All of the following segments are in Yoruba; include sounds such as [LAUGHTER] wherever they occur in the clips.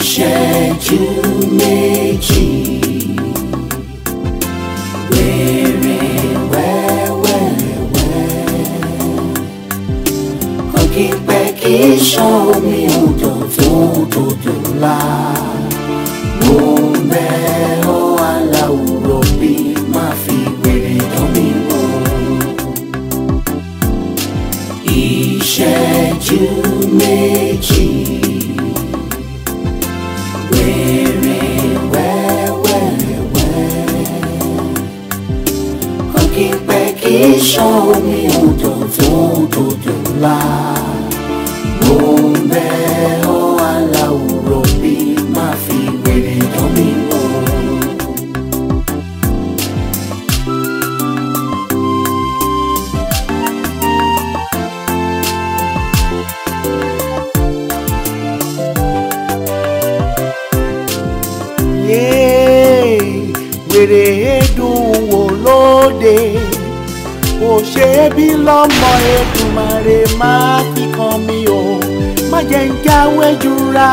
ìṣẹ́jú méjì. Wèrè wẹ́wẹ́wẹ́. iṣan omi odò do, dòdò ńlá gbòǹbẹ́ ó aláwùrọ̀ bí máa fi wèrè dán mi wò. wèrè dùn wò lóde ṣe é bí lọ́mọ Èdùmàrè máa fi kàn mí o má jẹ́ ń jáwé jura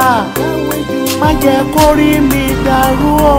má jẹ́ kórìí mi dàrú o.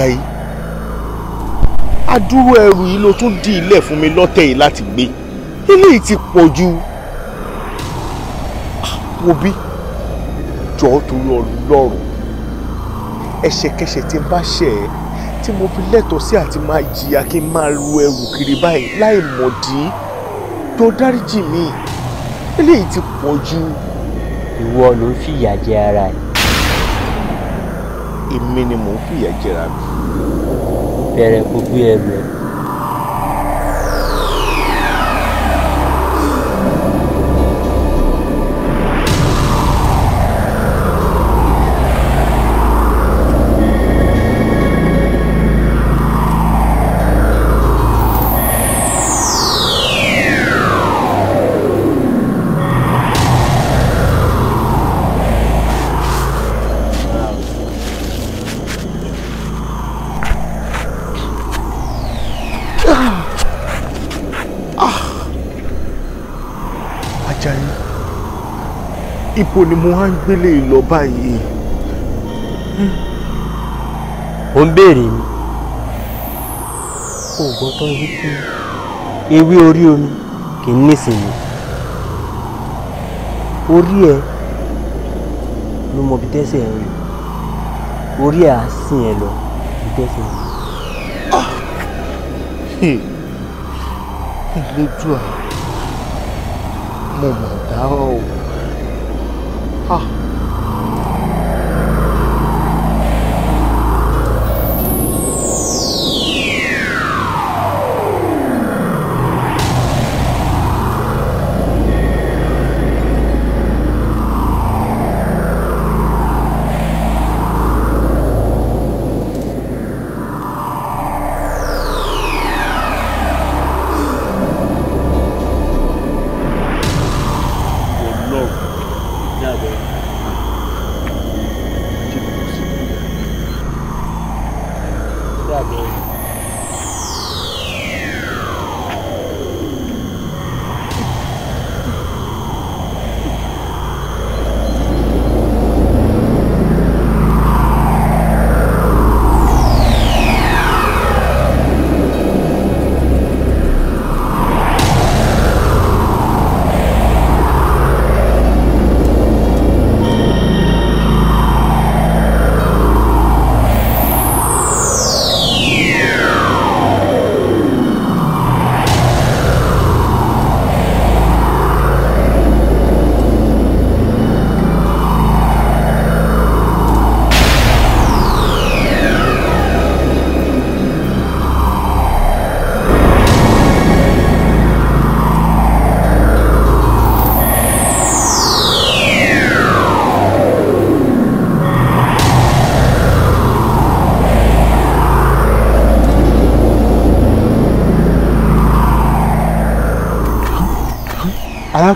Ajayi adúrú ẹrù yìí ló tún di ilẹ̀ fún mi lọ́tẹ̀ yìí láti gbé eléyìí ti pọ̀ ju òbí ah, jọ torí ọlọ́run ẹ̀ṣẹ̀kẹ́ṣẹ̀ tí n bá ṣẹ̀ ẹ́ tí mo fi lẹ́tọ̀ọ́ sí àti máa jìyà kí n máa ru ẹrù kiri báyìí láì mọ̀dí tó dáríjì mi eléyìí ti pọ̀ ju. ìwọ ló ń fìyà jẹ ara ẹ. èmi ni mò ń fìyà jẹra mi bẹ̀rẹ̀ gbogbo ibo ni mo wá ń gbélé e lọ báyìí. ó ń béèrè mi kò gbọ́ tán wípé ewé orí omi kì í nísìnyí orí ẹ ló mọ bí tẹ́sẹ̀ ń rìn orí ẹ á sìn ẹ lọ bí tẹ́sẹ̀ ń rìn. ìlú dùn à mo mọ̀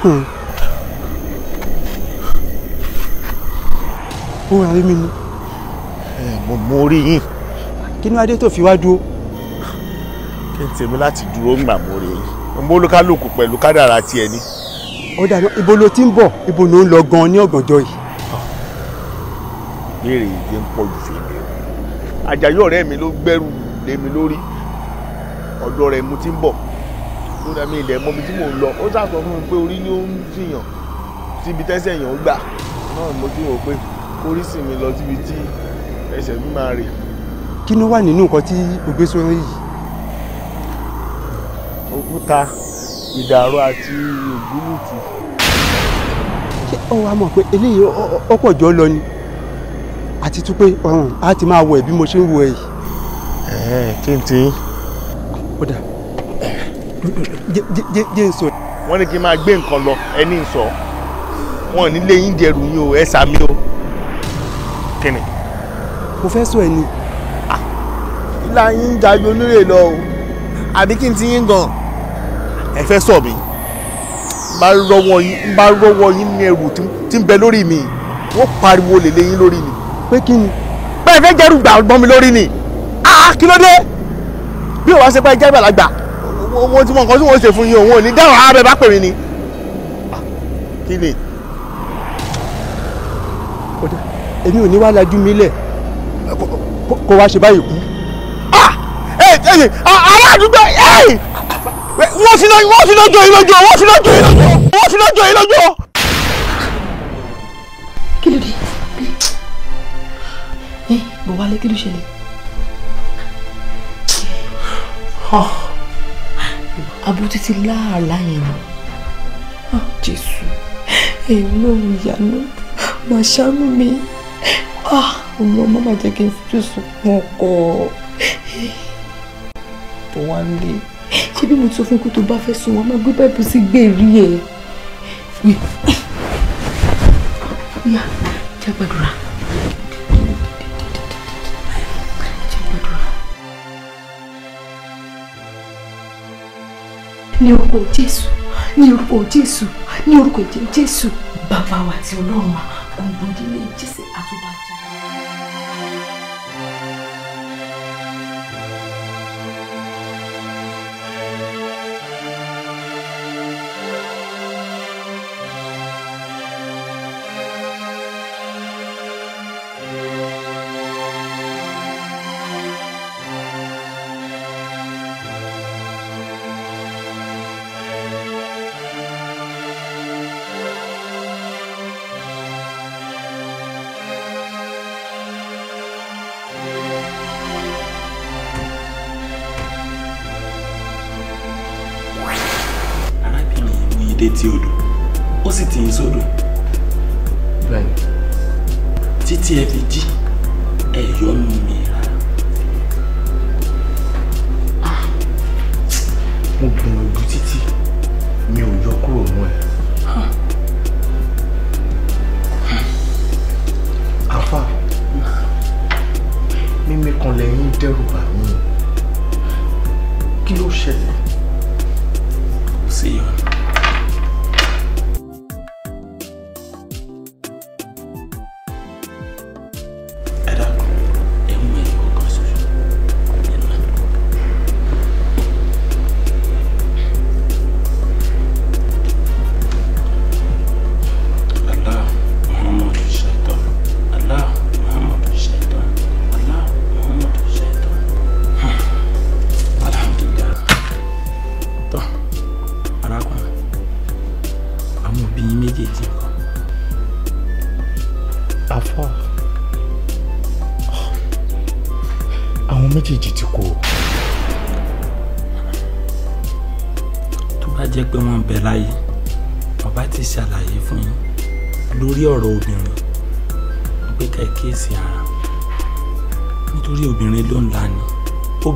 arákùnrin ó wà rí mi ni. mo mọ orí yín. kí ni adé tó fi wá dúró. kí n tèmi láti dúró ńgbà mo rí yín mo lókàlùkù pẹ̀lú kádàrá tiẹ̀ ni. ó dàbí ibo ló ti ń bọ̀ ibo ló ń lọ gan-an ní ọ̀gànjọ́ yìí. béèrè ìdí ń pọ̀ jù fèmí o àjàyí ọ̀rẹ́ mi ló gbẹ́rù lé mi lórí ọ̀dọ̀ rẹ̀ mo ti ń bọ̀ kódà mi ilẹ̀ mọ́bi tí mò ń lọ ó sàkọ fún mi pé orí ló ń jiyàn síbi tẹ́sẹ̀ èèyàn ń gbà náà mo tún rò pé orí sì mi lọ síbi tí ẹsẹ̀ mi máa rè. kí ló wà nínú nǹkan tí o gbé sórí yìí. òkúta ìdàrú àti ògbúlùtù. ṣé ọ wá mọ̀ pé eléyìí ọ̀pọ̀ jọ lọ ni àti tún pé ọ̀run á ti máa wọ̀ ẹ̀ bí mo ṣe ń wọ̀ ẹ̀ yìí. ẹ̀ẹ́n jẹ́ nsọ. wọ́n ní kí n máa gbé nǹkan lọ ẹni nsọ wọn ní lé yín dẹrù yín o ẹ sàmì o kí ni. mo ni. ìlà yín ń jayọ olóyè lọ o àbí kí n ti yín gan. ẹ fẹ́ sọ mi bá rọwọ́ yín bá rọwọ́ yín ní ẹrù tí ń bẹ lórí mi wọ́n pariwo lè lé yín lórí mi. pé kí ni. bẹ́ẹ̀ fẹ́ jẹ́rù gbà gbọ́n mi lórí ni. a kí ló dé bí o wá ṣe pé ẹ jẹ́ ìgbàlagbà owó tí mo nǹkan tí mo ṣe fún yín òun ò ní dáhùn abẹ bá pè mí ni ah, kí ni. èmi ò ní wá lajú mi lẹ̀ kó wá ṣe báyìí kú. Ah, ah, ará àdúgbò wọ́n fi lọ́jọ́ yìí lọ́jọ́ wọ́n fi lọ́jọ́ yìí lọ́jọ́ wọ́n fi lọ́jọ́ yìí lọ́jọ́. kí ló dé ẹ eh, bọ̀ wálé kí ló ṣẹlẹ̀ abó títí láàlá yẹn ni ah, jésù ẹ̀yin lóhun ìyanu máa mi ah, ọmọ ọmọ máa jẹ́ kí n fojú sunkún ọkọ tó wá lé ṣé bí mo sọ fún ikú tó bá fẹ́ sùn wọn máa gbé báìbù sí gbèrí ẹ̀ wí. ó yá jágbàdúrà ní orúkọ jésù ní orúkọ jésù ní orúkọ jésù bàbá wa àti ọlọ́run wa gbogbo ìdílé jésù àtúntò.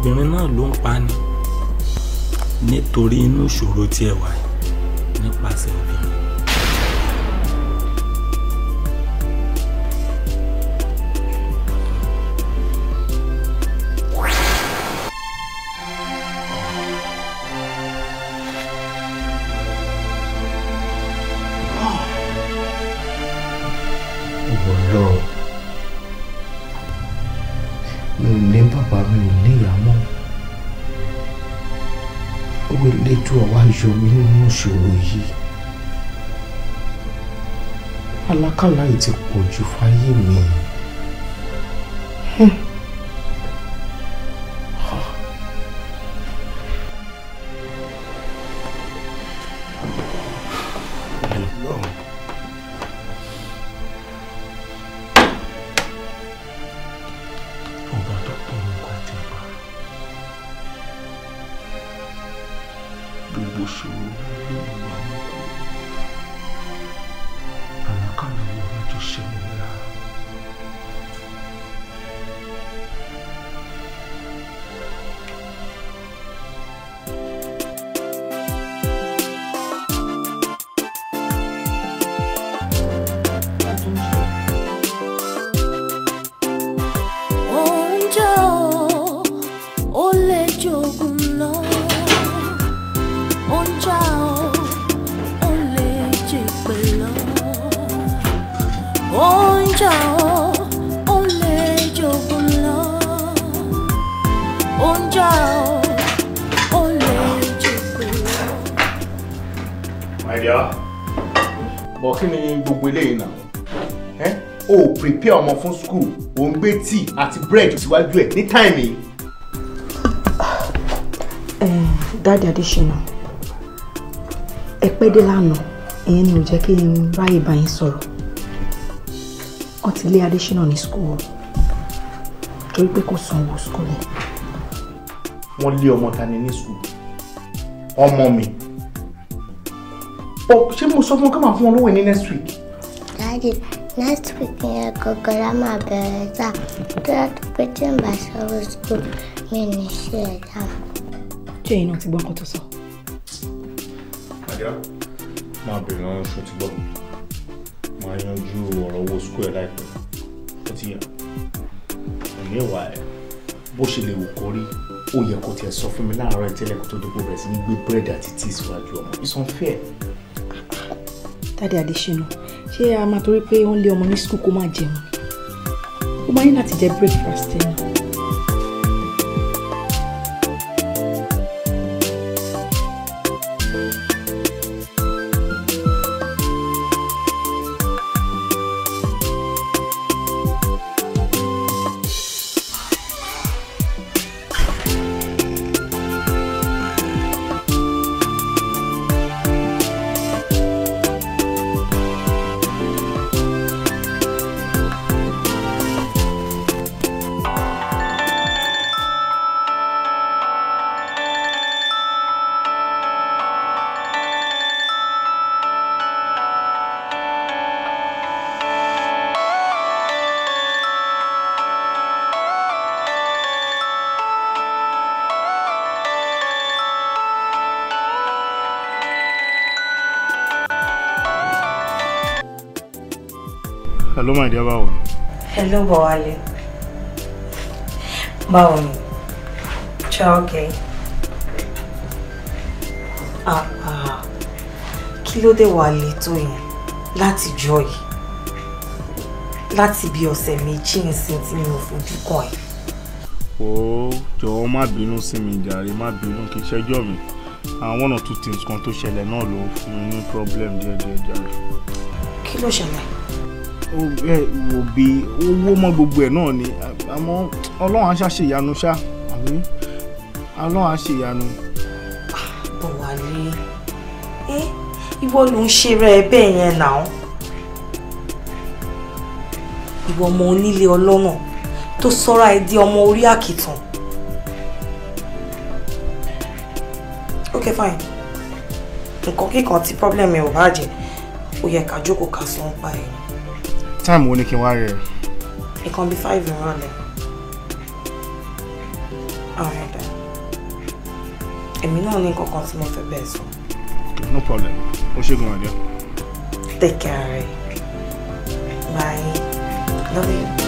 obìnrin náà ló ń pa ni nítorí inú ìṣòro tí ẹ wà yìí yìí alákàlà yìí ti pọ̀ jù fáyé mi. bread síwájú ẹ̀ ní táìmì yìí. Eh, dáàdi adésínà ẹ pẹ́ dé lánàá ìyẹn ni ò jẹ́ kí n ráyè bá yín sọ̀rọ̀ wọ́n ti lé adésínà ní school torí pé kò sanwó school yẹn. wọ́n lé ọmọ ta ni ní school ọmọ mi ọ ṣé mo sọ fún ọ ká máa fún ọ lówó ní next week. Next week ni ẹ̀kọ́ gírámà bẹ̀rẹ̀ sáà tó yàtọ̀ pé tí n bá sọ̀rọ̀ school mi ò ní ṣe ẹ̀dá. Ṣé ẹ̀yin náà ti gbọ́ nǹkan tó sọ? Àdá, máa bèrè lọ́wọ́ oṣù tí gbọ́. Máa yanjú ọ̀rọ̀ owó school ẹ̀ láìpẹ́. Ó ti yàn. Ẹ̀mí ìwà ẹ̀ bó ṣe lè wù kó rí ó yẹ kó tiẹ̀ sọ fún mi láàárọ̀ ìtẹ́lẹ̀ kó tó dé bẹ̀rẹ̀ sí ní gbé búrẹ́dì àti tíì It's unfair. Dádì Adéṣínú ṣé a máa torí pé wọ́n lé ọmọ ní sùkúl kó máa jẹun ó máa ní láti jẹ breakfast ẹ̀ Sadiya báwo ni. hello Bọ̀wálé báwo ni ṣe okay ah, ah. kí ló dé wàá le tó yẹn láti jọ yìí láti bí ọ̀sẹ̀ méjì nsìn tí mi ò fojú kàn ẹ́. ó jọ̀wọ́ má bínú sí mi jàre má bínú kí ṣẹ́jọ́ mi àwọn one or two things kan tó ṣẹlẹ̀ náà ló fún mi ní problem díẹ̀díẹ̀ jàre. kí ló ṣẹlẹ̀ wò bí owó mọ́ gbogbo ẹ̀ náà ni àmọ́ ọlọ́run á ṣàṣe ìyanu ṣá àmì ọlọ́run á ṣe ìyanu. bọ̀wálé ẹ ìwọ ló ń ṣe rẹ bẹ́ẹ̀ yẹn náà ìwọ ọmọ onílé ọlọ́nà tó sọ́ra ẹ di ọmọ orí àkìtàn. okay fine nǹkan kíkan tí problem ẹ ò bá jẹ ó yẹ ká jókòó ká sọ ń pa ẹ̀ ni time wo ni kí n wá it can be five ìrọ̀lẹ́. alright then èmi náà ní nǹkan kan tí mo fẹ́ bẹ́ẹ̀ sọ. no problem ó ṣègùn àdé. take care bye love you.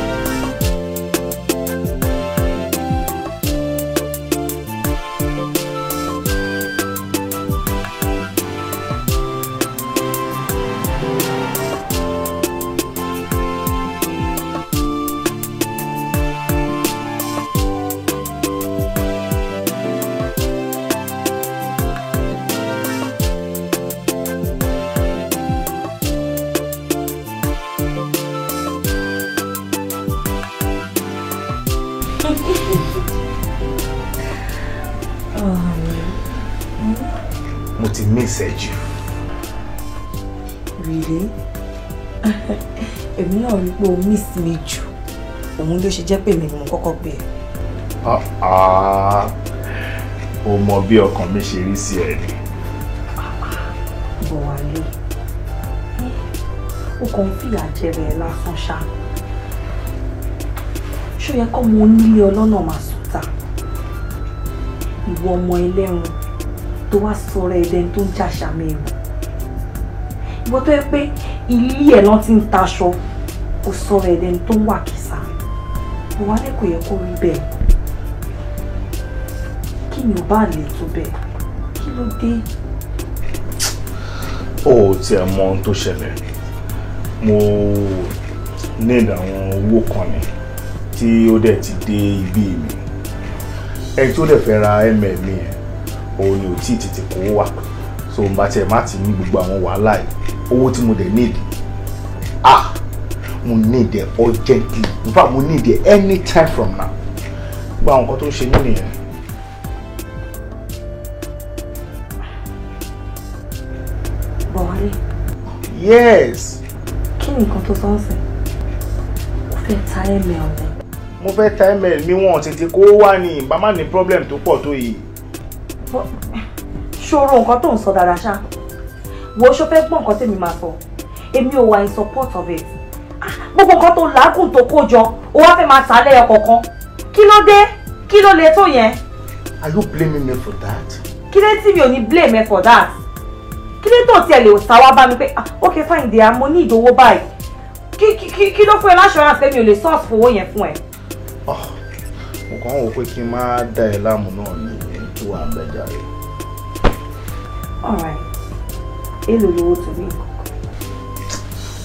o miss mi jù òun ló ṣe jẹ́ pé mi ni mo kọ́kọ́ gbé ẹ. Ah, o mọ bí ọkàn mi ṣe rí sí ẹ ni. bọ̀wálé ó kàn ń fìyà jẹrẹ ẹ lásán ṣá ṣó yẹ kọ́ mo nílé ọlọ́nà máa sùn ta ìwọ ọmọ ẹlẹ́run tó wá sọ̀rọ̀ ẹ̀dẹ́n tó ń jàṣà mẹ́rin ìwọ tó yẹ pé ilé ẹ̀ náà ti ń taṣọ kò sọ̀rọ̀ ẹ̀dẹ́ni tó ń wà kìsà ìwà rẹ̀ kò yẹ kó rí bẹ́ẹ̀ kí ni ò bá lè tó bẹ́ẹ̀ kí ló dé. ó ti ẹ̀ mọ ohun tó ṣẹlẹ̀ mo nílò àwọn owó kan ni tí ó dẹ̀ ti dé ibi mi ẹni tó dẹ̀ fẹ́ ra ml M&M mi yẹn òun ni ò tí ì tètè kó wà so màtí ẹ̀ má ti ní gbogbo àwọn wàhálà yìí owó tí mo dẹ̀ nídìí mo need ẹ urgently in fact mo need ẹ anytime from now gbogbo àwọn nǹkan tó ṣe mí nìyẹn. buhari. yes. kí ni nǹkan tó sọ ń sìn kò fẹ́ ta email mi. mo fẹ́ ta email mi wọn tètè kó wá ní ìbá má ní problem tó pọ̀ tó yìí. ṣòro nǹkan tó ń sọ dáadáa ṣá wo ṣó fẹ́ gbọ́ nǹkan tèmi máa sọ èmi ò wà in support of it gbogbo nǹkan tó làágùn tó kó jọ o wá fẹ́ máa ta lẹ́yọ kọ̀ọ̀kan kí ló dé kí ló le tó yẹn. are you blaming me for that. kí ló tí mi ò ní blame me for that kí ló tó tiẹ̀ lè sá wá bá mi pé ah, ok fine dear mo ní ìdówó báyìí kí ló fún ẹ láṣọra pé mi ò lè source fowó yẹn fún ẹ. Ah, mo kàn ń wò pé kí n má dá ẹ láàmú náà ní ẹni tó wà ń bẹ all right èlò lówó tó ní nǹkan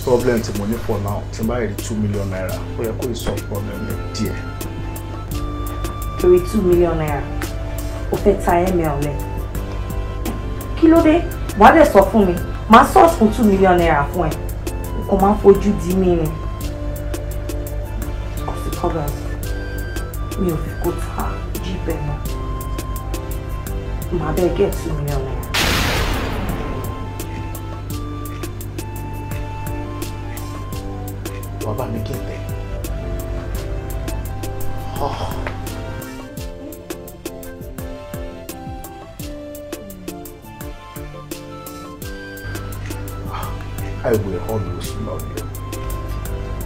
problem tí mo ní for now tí n bá rí two million naira ó yẹ kó ìsọ problem yẹn díẹ̀. torí two million naira o fẹ́ ta ml lẹ kí ló dé wàá dẹ̀ sọ fún mi màá source fún two million naira fún ẹ kò máa fojú di mí ni kò sí problem mi ò fi kó ta jíìpẹ̀ náà màá bẹ́ẹ̀ get two million naira. mi oh. I will always love you.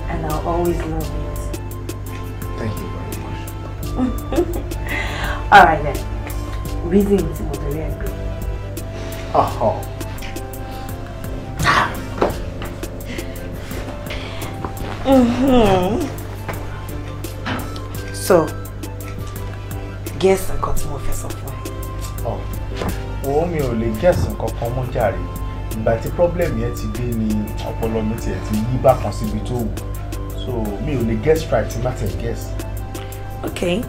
And I'll always love you. Thank you very much. [LAUGHS] All right then. Reason see you tomorrow. ẹ̀ Mm-hmm. so guess I got more for sọ Oh, ẹ. òun only ò lè guess nǹkan kan mọ́ jàre ìgbà tí problem here today dé ni ọpọlọ mi tiẹ̀ ti yí bákan síbi tó wù so me only guess right má tẹ̀ guess. Okay,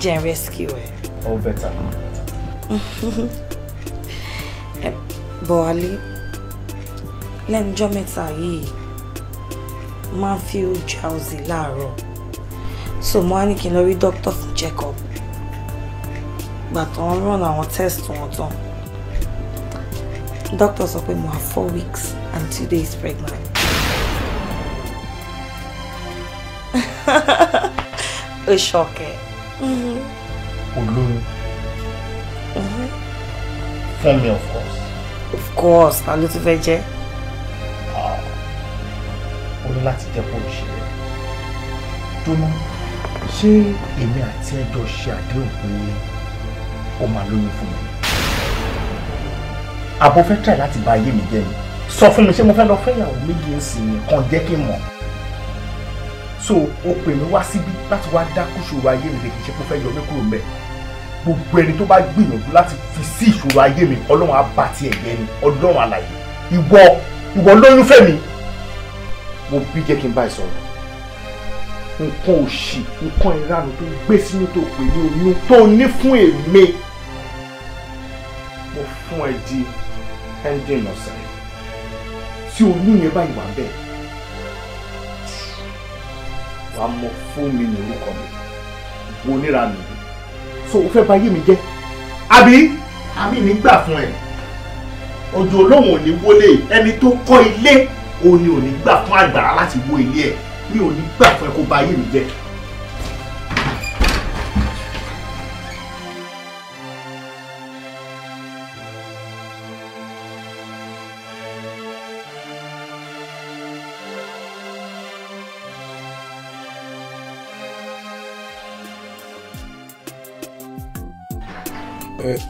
jẹ́ n rescue ẹ. all better. [LAUGHS] bọ̀wálé lẹ́nu jọ́ mẹ́ta yìí máa ń feel drowsy láàárọ̀ so mo á ní kí n lọ rí doctor fún check up gbà tán rán àwọn test wọn tán doctor sọ pé mo wà four weeks and two days pregnant. o [LAUGHS] ṣọkẹ. Mm-hmm. olóyún. Mm-hmm. Fẹ́mi of course. of course ta ló tún fẹ́ jẹ́ láti jẹ́ kó o ṣe rẹ̀ dúnú ṣé èmi àti ẹjọ́ ṣe àdéhùn pé o máa lóyún fún mi àbò fẹ́ tẹ̀ láti bà ayé mi jẹ́ ni sọ fún mi ṣé mo fẹ́ lọ fẹ́yàwó méjì ìsìn nìkan jẹ́ kí n mọ̀ so o pè mí wá síbí láti wá dá kúṣòro ayé mi lè kì í ṣe kó fẹ́ yọ mí kúrò mẹ́ẹ̀ gbogbo ẹni tó bá gbìyànjú láti fi sí ìṣòro ayé mi ọlọ́run á bá tiẹ̀ yẹ ni ọlọ́run àlàyé ìwọ ìwọ lóyún fẹ́ mi mo bí jẹ́ kí n bá ẹ sọ̀rọ̀ nǹkan òṣì nǹkan ìranù tó gbé sínú tó pè ní oyún tó ní fún èmi mo fún ẹ di ẹ́ńdìn ọ̀sán tí oyún yẹn bá ìwà bẹ́ẹ̀ wàá mọ fún mi ní orúkọ mi mo níranù mi so o fẹ́ bà yé mi jẹ́ àbí àmì nígbà fún ẹ ọjọ́ Ọlọ́run ò ní wọlé ẹni tó kọ́ ilé o ní ò ní gbà fún àgbàrá láti wó ilé ẹ̀ mi ò gbà fún ẹ kó ba ayé mi jẹ́.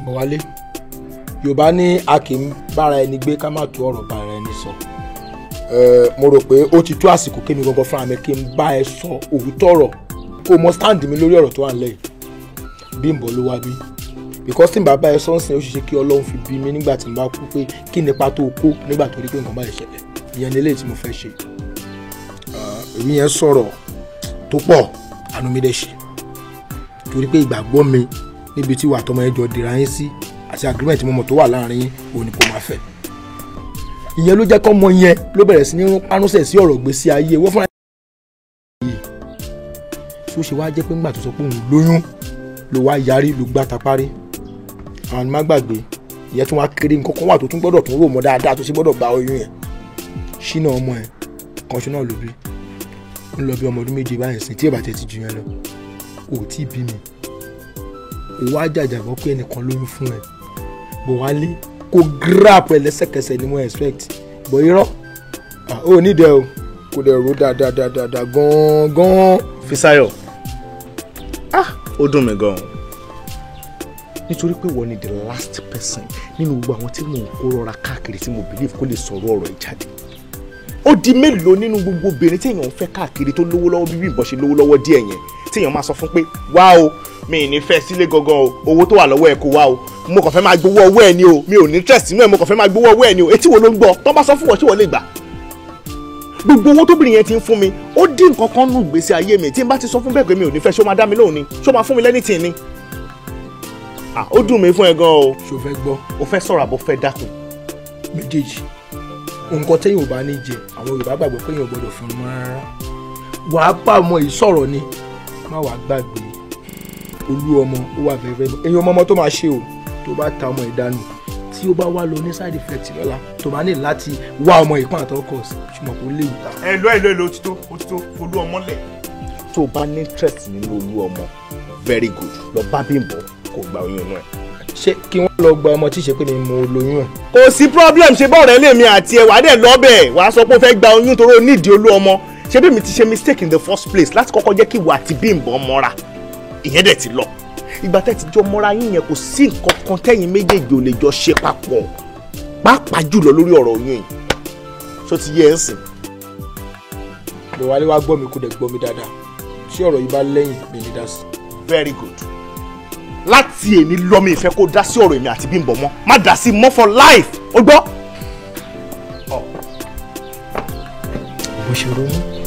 Mọ̀wálé Yorùbá ní a kì í bára ẹni gbé ká má tu ọ̀rọ̀ bá mo rò pé ó ti tó àsìkò kémi gangan fúnra mi kí n bá ẹ sọ òótọ́ ọ̀rọ̀ kó mọ stand mi lórí ọ̀rọ̀ tó wà nílẹ̀ Bímbọ́ ló wá bí because tí n bá bá ẹ sọ́nsìn ó ṣe ṣe kí Ọlọ́run fi bí mi nígbà tí n bá kú pé kí nípa tó kó nígbà tó rí pé nǹkan bá lè ṣẹlẹ̀ ìyẹn ni eléyìí tí mo fẹ́ ṣe èmi yẹn sọ̀rọ̀ tó pọ̀ àánú mi dẹ̀ ṣe torí pé ìgbàgbọ́ mi níbi tí wàá tọmọ ẹ jọ yín sí àti agreement mọ́mọ́ tó wà láàrin yín òun ni kò máa fẹ́ ìyẹn ló jẹ́ kọ́ ọmọ yẹn ló bẹ̀rẹ̀ sí ní ránṣẹ́ sí ọ̀rọ̀ gbèsè ayé wọ́n fúnra yìí tó ṣe wá jẹ́ pé ńgbà tó sọ pé òun lóyún ló wá yarí ló gbá ta parí àwọn má gbàgbé ìyẹn tún wá kéré nǹkan kan wà tó tún gbọ́dọ̀ tún rò mọ́ dáadáa tó ṣe gbọ́dọ̀ gba oyún yẹn ṣínà ọmọ ẹ kan ṣínà ló bí ń lọ bí ọmọ ọdún méje báyìí sìn tí ìbàtẹ́ ti jù yẹn lọ ò tí ì bí mi òun á jàjàbọ́ pé ẹnìkan lóyún fún ẹ bò wá kó grab ẹ lẹ́sẹ̀kẹsẹ̀ ni mo expect bọ̀ irọ́ ó ní ìdẹ o kò dẹ̀ ro da gan-an. Fisáyọ̀ ah ó dùn mí gan-an nítorí pé wọ́n ni the last person nínú gbogbo àwọn tí mò ń kó rọra káàkiri tí mo believe kó lè sọ̀rọ̀ ọ̀rọ̀ yìí jáde ó di mélòó nínú gbogbo obìnrin tí èèyàn ń fẹ́ káàkiri tó lówó lọ́wọ́ bíbí ìbọn ṣe lówó lọ́wọ́ díẹ̀ yẹn tí èèyàn máa sọ fún pé wá o mi ì ní fẹ́ sílé gangan o owó tó wà lọ́wọ́ ẹ̀ kó wá o mo kàn fẹ́ máa gbowó ọwọ́ ẹ̀ ni o mi ò ní interest nínú mo kàn fẹ́ máa gbowó ọwọ́ ẹ̀ ni o etí wo ló ń gbọ́ tó bá sọ fún wọn ṣé wọ́n lè gbà gbogbo owó tóbìnrin yẹn ti ń fún mi ó dín nǹkan kan nù gbèsè ayé mi tí n bá ti sọ fún bẹ́ẹ̀ pé mi ò ní fẹ́ ṣé ó máa dá mi lóhùn ni ṣé ó máa fún mi lẹ́nìtì ni ó dùn mí fún ẹ gan o. ṣo fẹ́ gbọ́. o fẹ́ sọ̀rọ̀ àbò fẹ́ dákun. méjèèjì nǹkan tẹ́yìn ò bá ní jẹ àwọn Yorùbá gbàgbọ́ pé èèyàn gbọ́dọ̀ fún un rárá wàá bá ọmọ ni má wàá gbàgbé olú ọmọ ó wà fẹ́fẹ́ ẹ̀yin ọmọ ọmọ tó máa ṣe o tó bá ta ọmọ ẹ̀ tí ó bá wá lọ ní side effect lọ́la tó bá ní láti wá ọmọ ìpọ́n àtọkọ ṣùgbọ́n kò léwu. ẹ lọ ẹ lọ ẹ lọ òtítọ́ òtítọ́ olú ọmọ lẹ̀. tó o bá ní interest nínú olú ọmọ very good lọ bá Bímbọ́ kó gba oyún inú ṣé kí wọ́n lọ gba ọmọ tí ìṣe pé ni mo lóyún ẹ̀. kò sí problem ṣe bá ọ̀rẹ́ lèmi àti ẹ̀wà dẹ̀ lọ́bẹ̀ wàá sọ pé ó fẹ́ gba oyún torí ó nídìí olú ọmọ ṣé bí mi ti ṣe mistake in the first place láti kọ́kọ́ jẹ́ kí ìwà àti Bímbọ́ mọ́ra ìyẹn dẹ̀ ti lọ ìgbà tẹ́ ti jọ mọ́ra yín yẹn kò sí nǹkan kan tẹ́yìn méjèèjì ò lè jọ ṣe papọ̀ pàápàá jùlọ lórí ọ̀rọ̀ oyún yìí ṣó ti yẹ ẹ́ ń sìn. ìwálé wa gbọ́ mi kó dẹ̀ gbọ́ mi dáadáa tí ọ̀rọ̀ yìí bá lẹ́yìn mi ní dá sí. very good láti èmi lọ ìfẹ́ kó dá sí ọ̀rọ̀ èmi àti Bímbọ́ mọ́ má dá sí mọ́ for life ó gbọ́. bó ṣe ronú.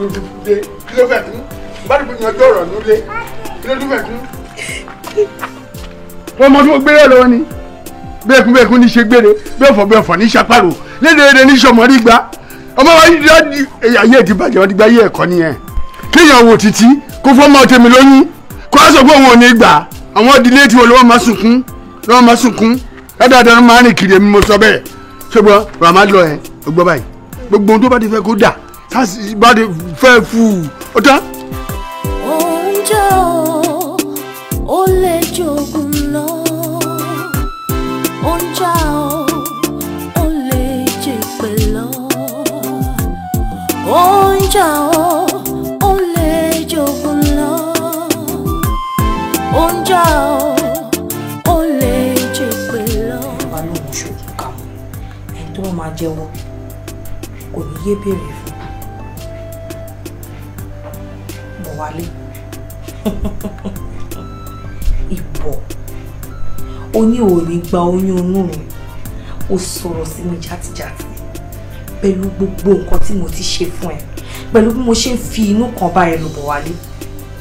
ló fi dé kí ló fẹ́ tún bá dùn fún yanjú ọ̀rọ̀ nílé kí ló tún fẹ́ tún. wọ́n mọ tí wọ́n gbére lọ́wọ́ ni bẹ́ẹ̀kún bẹ́ẹ̀kún ní ṣe gbére bẹ́ẹ̀fọ̀ bẹ́ẹ̀fọ̀ ní ṣàpàrọ̀ lédèrèdè ní sọmọrí gba ọmọ wa yìí dáadé ayé ti bàjẹ́ wọn ti gba ayé ẹ̀kọ́ nìyẹn kéèyàn wò títí kó fọ́ máa tèmi lóyún kó a sọ pé òun ò ní gbà àwọn ìdílé tiwọn lọ́wọ́ máa sunkún lọ́wọ́ máa sunkún ládàáda ló máa rìn kiri èmi mo sọ bẹ́ẹ̀ ṣùgbọ́n ràmá lọ ẹ̀ ọgbọ́n báyìí gbogbo ohun tó bá ti fẹ́ kó dà tásì bá dé fẹ́ fú u ó tán. oúnjẹ o ò lè jogun lọ oúnjẹ o ò lè jèpè lọ oúnjẹ o ò lè jogun lọ oúnjẹ o. tó bá máa jẹ́wọ́ kò ní yé béèrè wálé ìbọ̀ ó ní òní gba oyún inú mi ó sọ̀rọ̀ sí mi játijáti pẹ̀lú gbogbo nǹkan tí mo ti ṣe fún ẹ pẹ̀lú bí mo ṣe ń fi inú kan bá ẹ lòbọ̀ wálé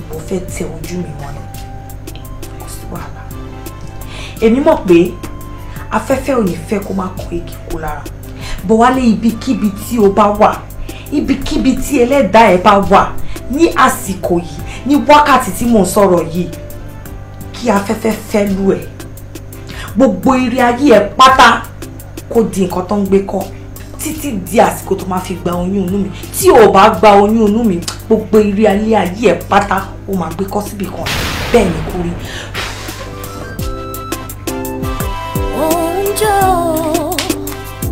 mo fẹ́ tẹ ojú mi wọn ni kò sí wàhálà èmi mọ̀ pé afẹ́fẹ́ ò ní fẹ́ kó má kọ igi kó lára bọ̀ wálé ibikíbi tí o bá wà ibikíbi tí ẹlẹ́dàá ẹ bá wà ní àsìkò yìí ní wákàtí tí mò ń sọ̀rọ̀ yìí kí afẹ́fẹ́ fẹ́ lù ẹ́ gbogbo ire ayé ẹ pátá kó di nǹkan tó ń gbé kọ́ títí di àsìkò tó máa fi gba oyún inú mi tí ò bá gba oyún inú mi gbogbo ire ayé ayé ẹ pátá ó máa gbé kọ́ síbì kan bẹ́ẹ̀ ni kò rí. oúnjẹ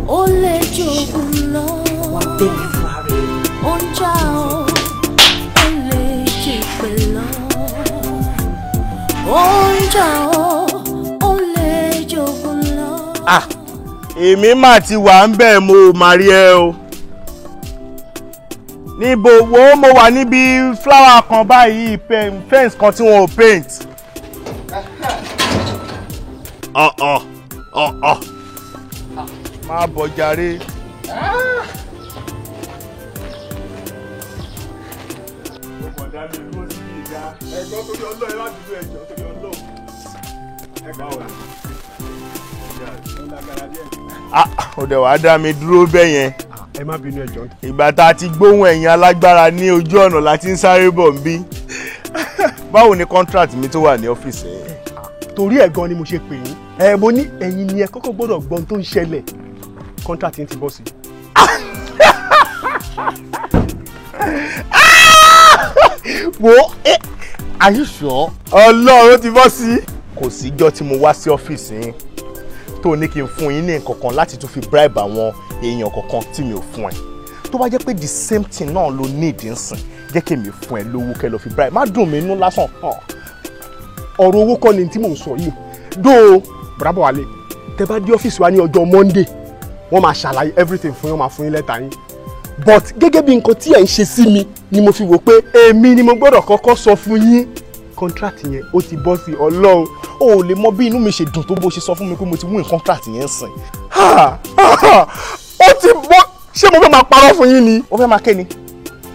ó lè jogun lọ. wà á bẹ̀rẹ̀ fún ara rẹ̀. oúnjẹ ó. ọjà ọ ó lè jogun lọ. èmi mà ti wà ń bẹ̀ mo mà rí ẹ o níbo wo mo wà níbi fúláwà kan báyìí fence kan tí wọn ò paint. ọ̀ọ̀ ọ̀ọ̀ máa bọ̀ jàre. Ah! ẹjọ́ torí ọlọ́ọ̀ ẹ má bínú ẹjọ́ torí ọlọ́ọ̀ ẹ gbà wọ́n. Ah, ó dẹ̀ wá dá mi dúró bẹ́ẹ̀ yẹn ah, ẹ má bínú ẹjọ́. ìgbà tá a ti gbóhùn ẹ̀yin alágbára ní ojú ọ̀nà láti ń sáré bọ̀ ń bí báwo ni contract mi tó wà ní ọ́fíìsì ẹ̀. Ah, torí ẹ̀ gan ni mo ṣe pè yín ẹ mo ní ẹ̀yin ni ẹ kọ́kọ́ gbọ́dọ̀ gbọ́n tó ń ṣẹlẹ̀ contract ti bọ́ sí. [LAUGHS] [LAUGHS] wo ẹ. Eh, Are you sure? Ọlọ́run ti bọ́ sí. Kò síjọ́ tí mo wá sí ọ́fíìsì yín tó ní kí n fún yín ní nǹkan kan láti tún fi bribe àwọn èèyàn kankan tí mi ò fún ẹ. Tó bá jẹ́ pé the same thing náà ló ní ìdí nsìn jẹ́ kí èmi fún ẹ lówó kẹ́ lọ fi bribe. Má dùn mí inú lásán. Ọ̀rọ̀ owó kọ́ ni tí mò ń sọ yìí. Dóò Bùrábọ̀ Wálé tẹ bá dé ọ́fíìsì wa ní ọjọ́ Monday wọ́n máa ṣàlàyé everything fún yín wọ́n máa fún yín lẹ́tà yín but gẹ́gẹ́ bí nǹkan tí ẹ̀ ń ṣe sí mi ni mo fi wò pé èmi ni mo gbọ́dọ̀ kọ́kọ́ sọ fún yín contract yẹn ó ti bọ́ sí ọlọ́run o ò lè mọ bí inú mi ṣe dùn tó bó ṣe sọ fún mi pé mo ti win contract yẹn sìn ó ti bọ́ ṣé mo fẹ́ máa parọ́ fún yín ni. ó fẹ́ máa ké ni.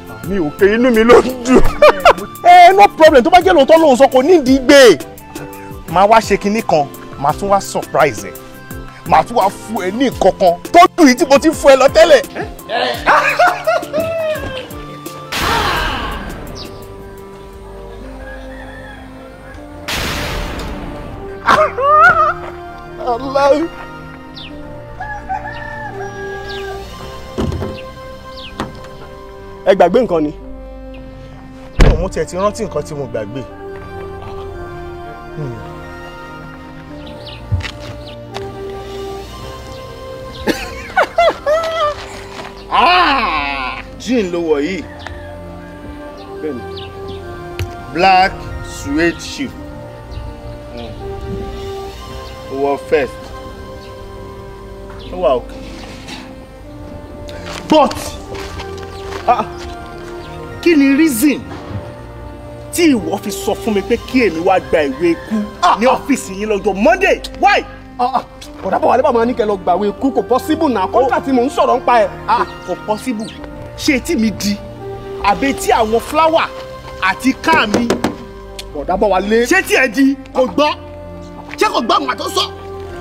Ah, mi ò ké inú mi ló ń dùn. ẹ [LAUGHS] eh, no problem tó bá jẹ́ lóòótọ́ lóhùn sọ kò nídìí gbé máa wá ṣe kinní kan máa tún wá surprise ẹ̀ màá tún wá fún ẹ ní kankan tó dùn yìí tí mo ti fún ẹ lọ tẹ́lẹ̀. Aláì. ẹ gbàgbé nǹkan ni. mo tiẹ̀ ti rántí nǹkan tí mo gbàgbé. Hmm. jean ló wọ̀ yìí black suede shoe ó wọ first ó wà òkè but ah, kí ni reason tí ìwọ fi sọ fún mi pé kí èmi wá gba ìwé ikú ah, ní ah. ọ́fíìsì yín lọ́jọ́ monday why. Uh -uh ọ̀dà bọ̀ ní kẹ́ gbàwé kú kò possible náà kọ́ńtà tí mò ń sọ̀rọ̀ ń pa ẹ̀. Ah, kò possible ṣé etí mi di àbẹ tí àwọn fúláwà àti káà mi. ọ̀dà ṣé tí ẹ di kò gbọ́ ṣé kò gbọ́ àwọn àtọ́sọ́.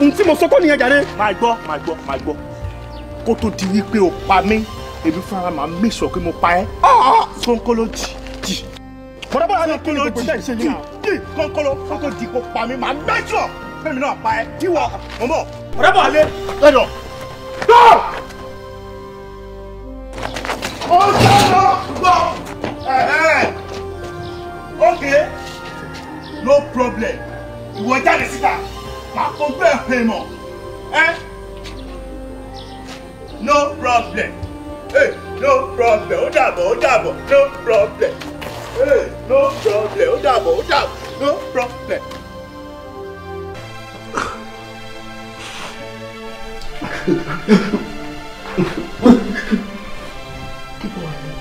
n tí mo sọ kọ́ nìyẹn jàre. máa gbọ́ máa gbọ́ máa gbọ́ kó tó di wípé o pa mí èmi fúnra máa mí sọ pé mo pa ẹ́. Ah, ah, kọ́ńkọ́lọ́ jì jì. bọ̀dá bọ̀dá ni kí ni gbogbo fẹ́mi náà pa ẹ́ kí wọ mọ̀ mọ̀ ọ̀rẹ́ alẹ́ lẹ́dọ̀ tó. ó sọ̀rọ̀ gbọ́ ok no problem ìwọ jáde síta máa fojú ẹ̀ pè mọ̀ ẹ́ no problem hey, no problem ó dàbọ̀ ó dàbọ̀ no problem hey, no problem ó dàbọ̀ ó dàbọ̀ no problem. Dípò àlọ́,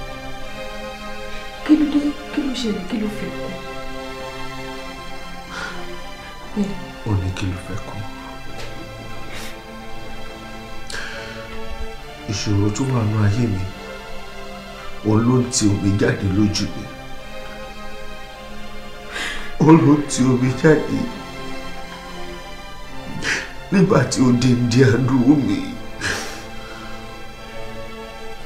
kí ló dé, kí ló ṣẹlẹ̀, kí ló fi kú? Ó ní kí ló fẹ́ kú. Ìṣòro tó wà ní ayé jáde lójú mi. Òun omi jáde nígbà tí ó dé ń di àdúró mi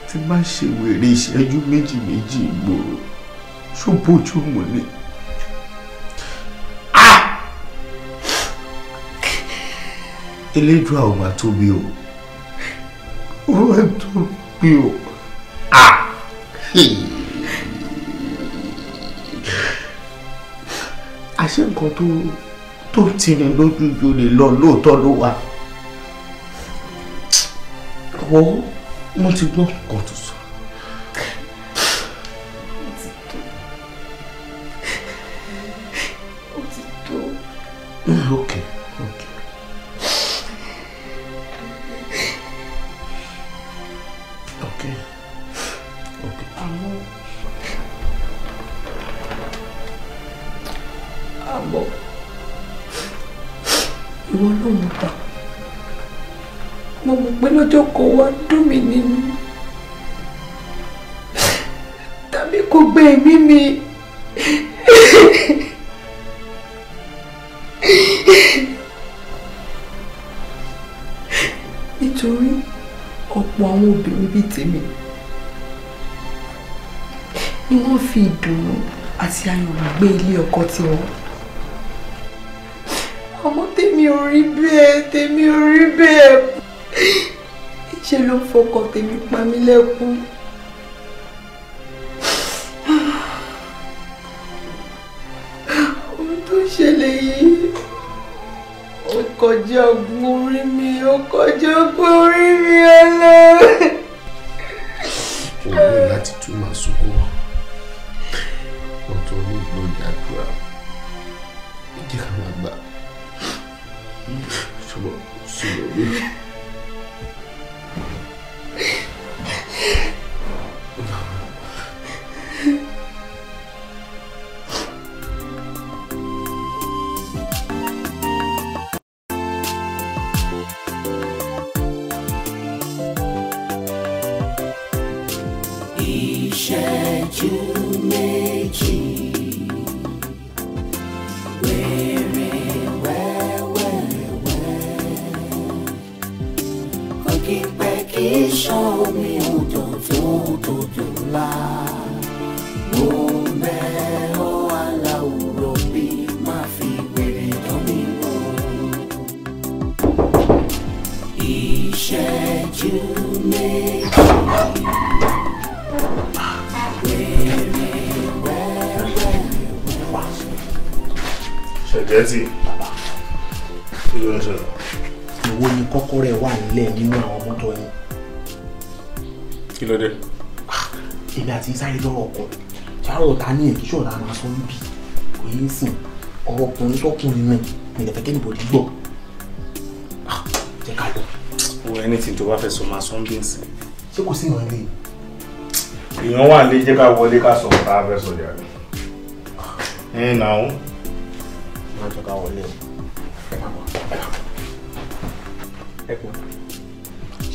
tí má ṣe wèrè ìṣẹ́jú méjì méjì ìgboro ṣó bójú mu ni. elédùn àwọn máa tóbi o ó máa tóbi o. àṣé nǹkan tó tó tìrìn lójú ju lè lọ lóòótọ́ ló wà. wọ́n mo ti gbọ́ nǹkan tuntun. tiwọn. àmọ́ tèmi ò rí bẹ́ẹ̀ tèmi ò rí bẹ́ẹ̀ ṣe ló fọkàn tèmi pa mí lẹ́kún. spaghetti. bàbá kí ló ń ṣẹlẹ̀. ìwo ni kọ́kọ́rọ́ ẹ̀ wà nílẹ̀ nínú àwọn mọ́tò yín. kí ló dé. èmi àti sáré lọ́rọ̀ ọkọ ṣàárọ̀ ta ní èkì ṣọ̀dá máa sọ níbi kò yé sìn ọ̀rọ̀ ọkùnrin tọkùnrin náà ní ìdẹ̀fẹ́ kí nìbò dígbọ̀ ah, jẹ́ ká lọ. wo anything tó bá fẹ́ sọ máa sọ ń bí nsìn. ṣé kò sí ìrànlẹ́ yìí. èèyàn wà lé jẹ́ ká wọlé ká sọ̀rọ̀ tá a fẹ́ sọ̀rọ̀ yàrá. ẹ̀ náà ọ̀gá wọlé o. ẹ kú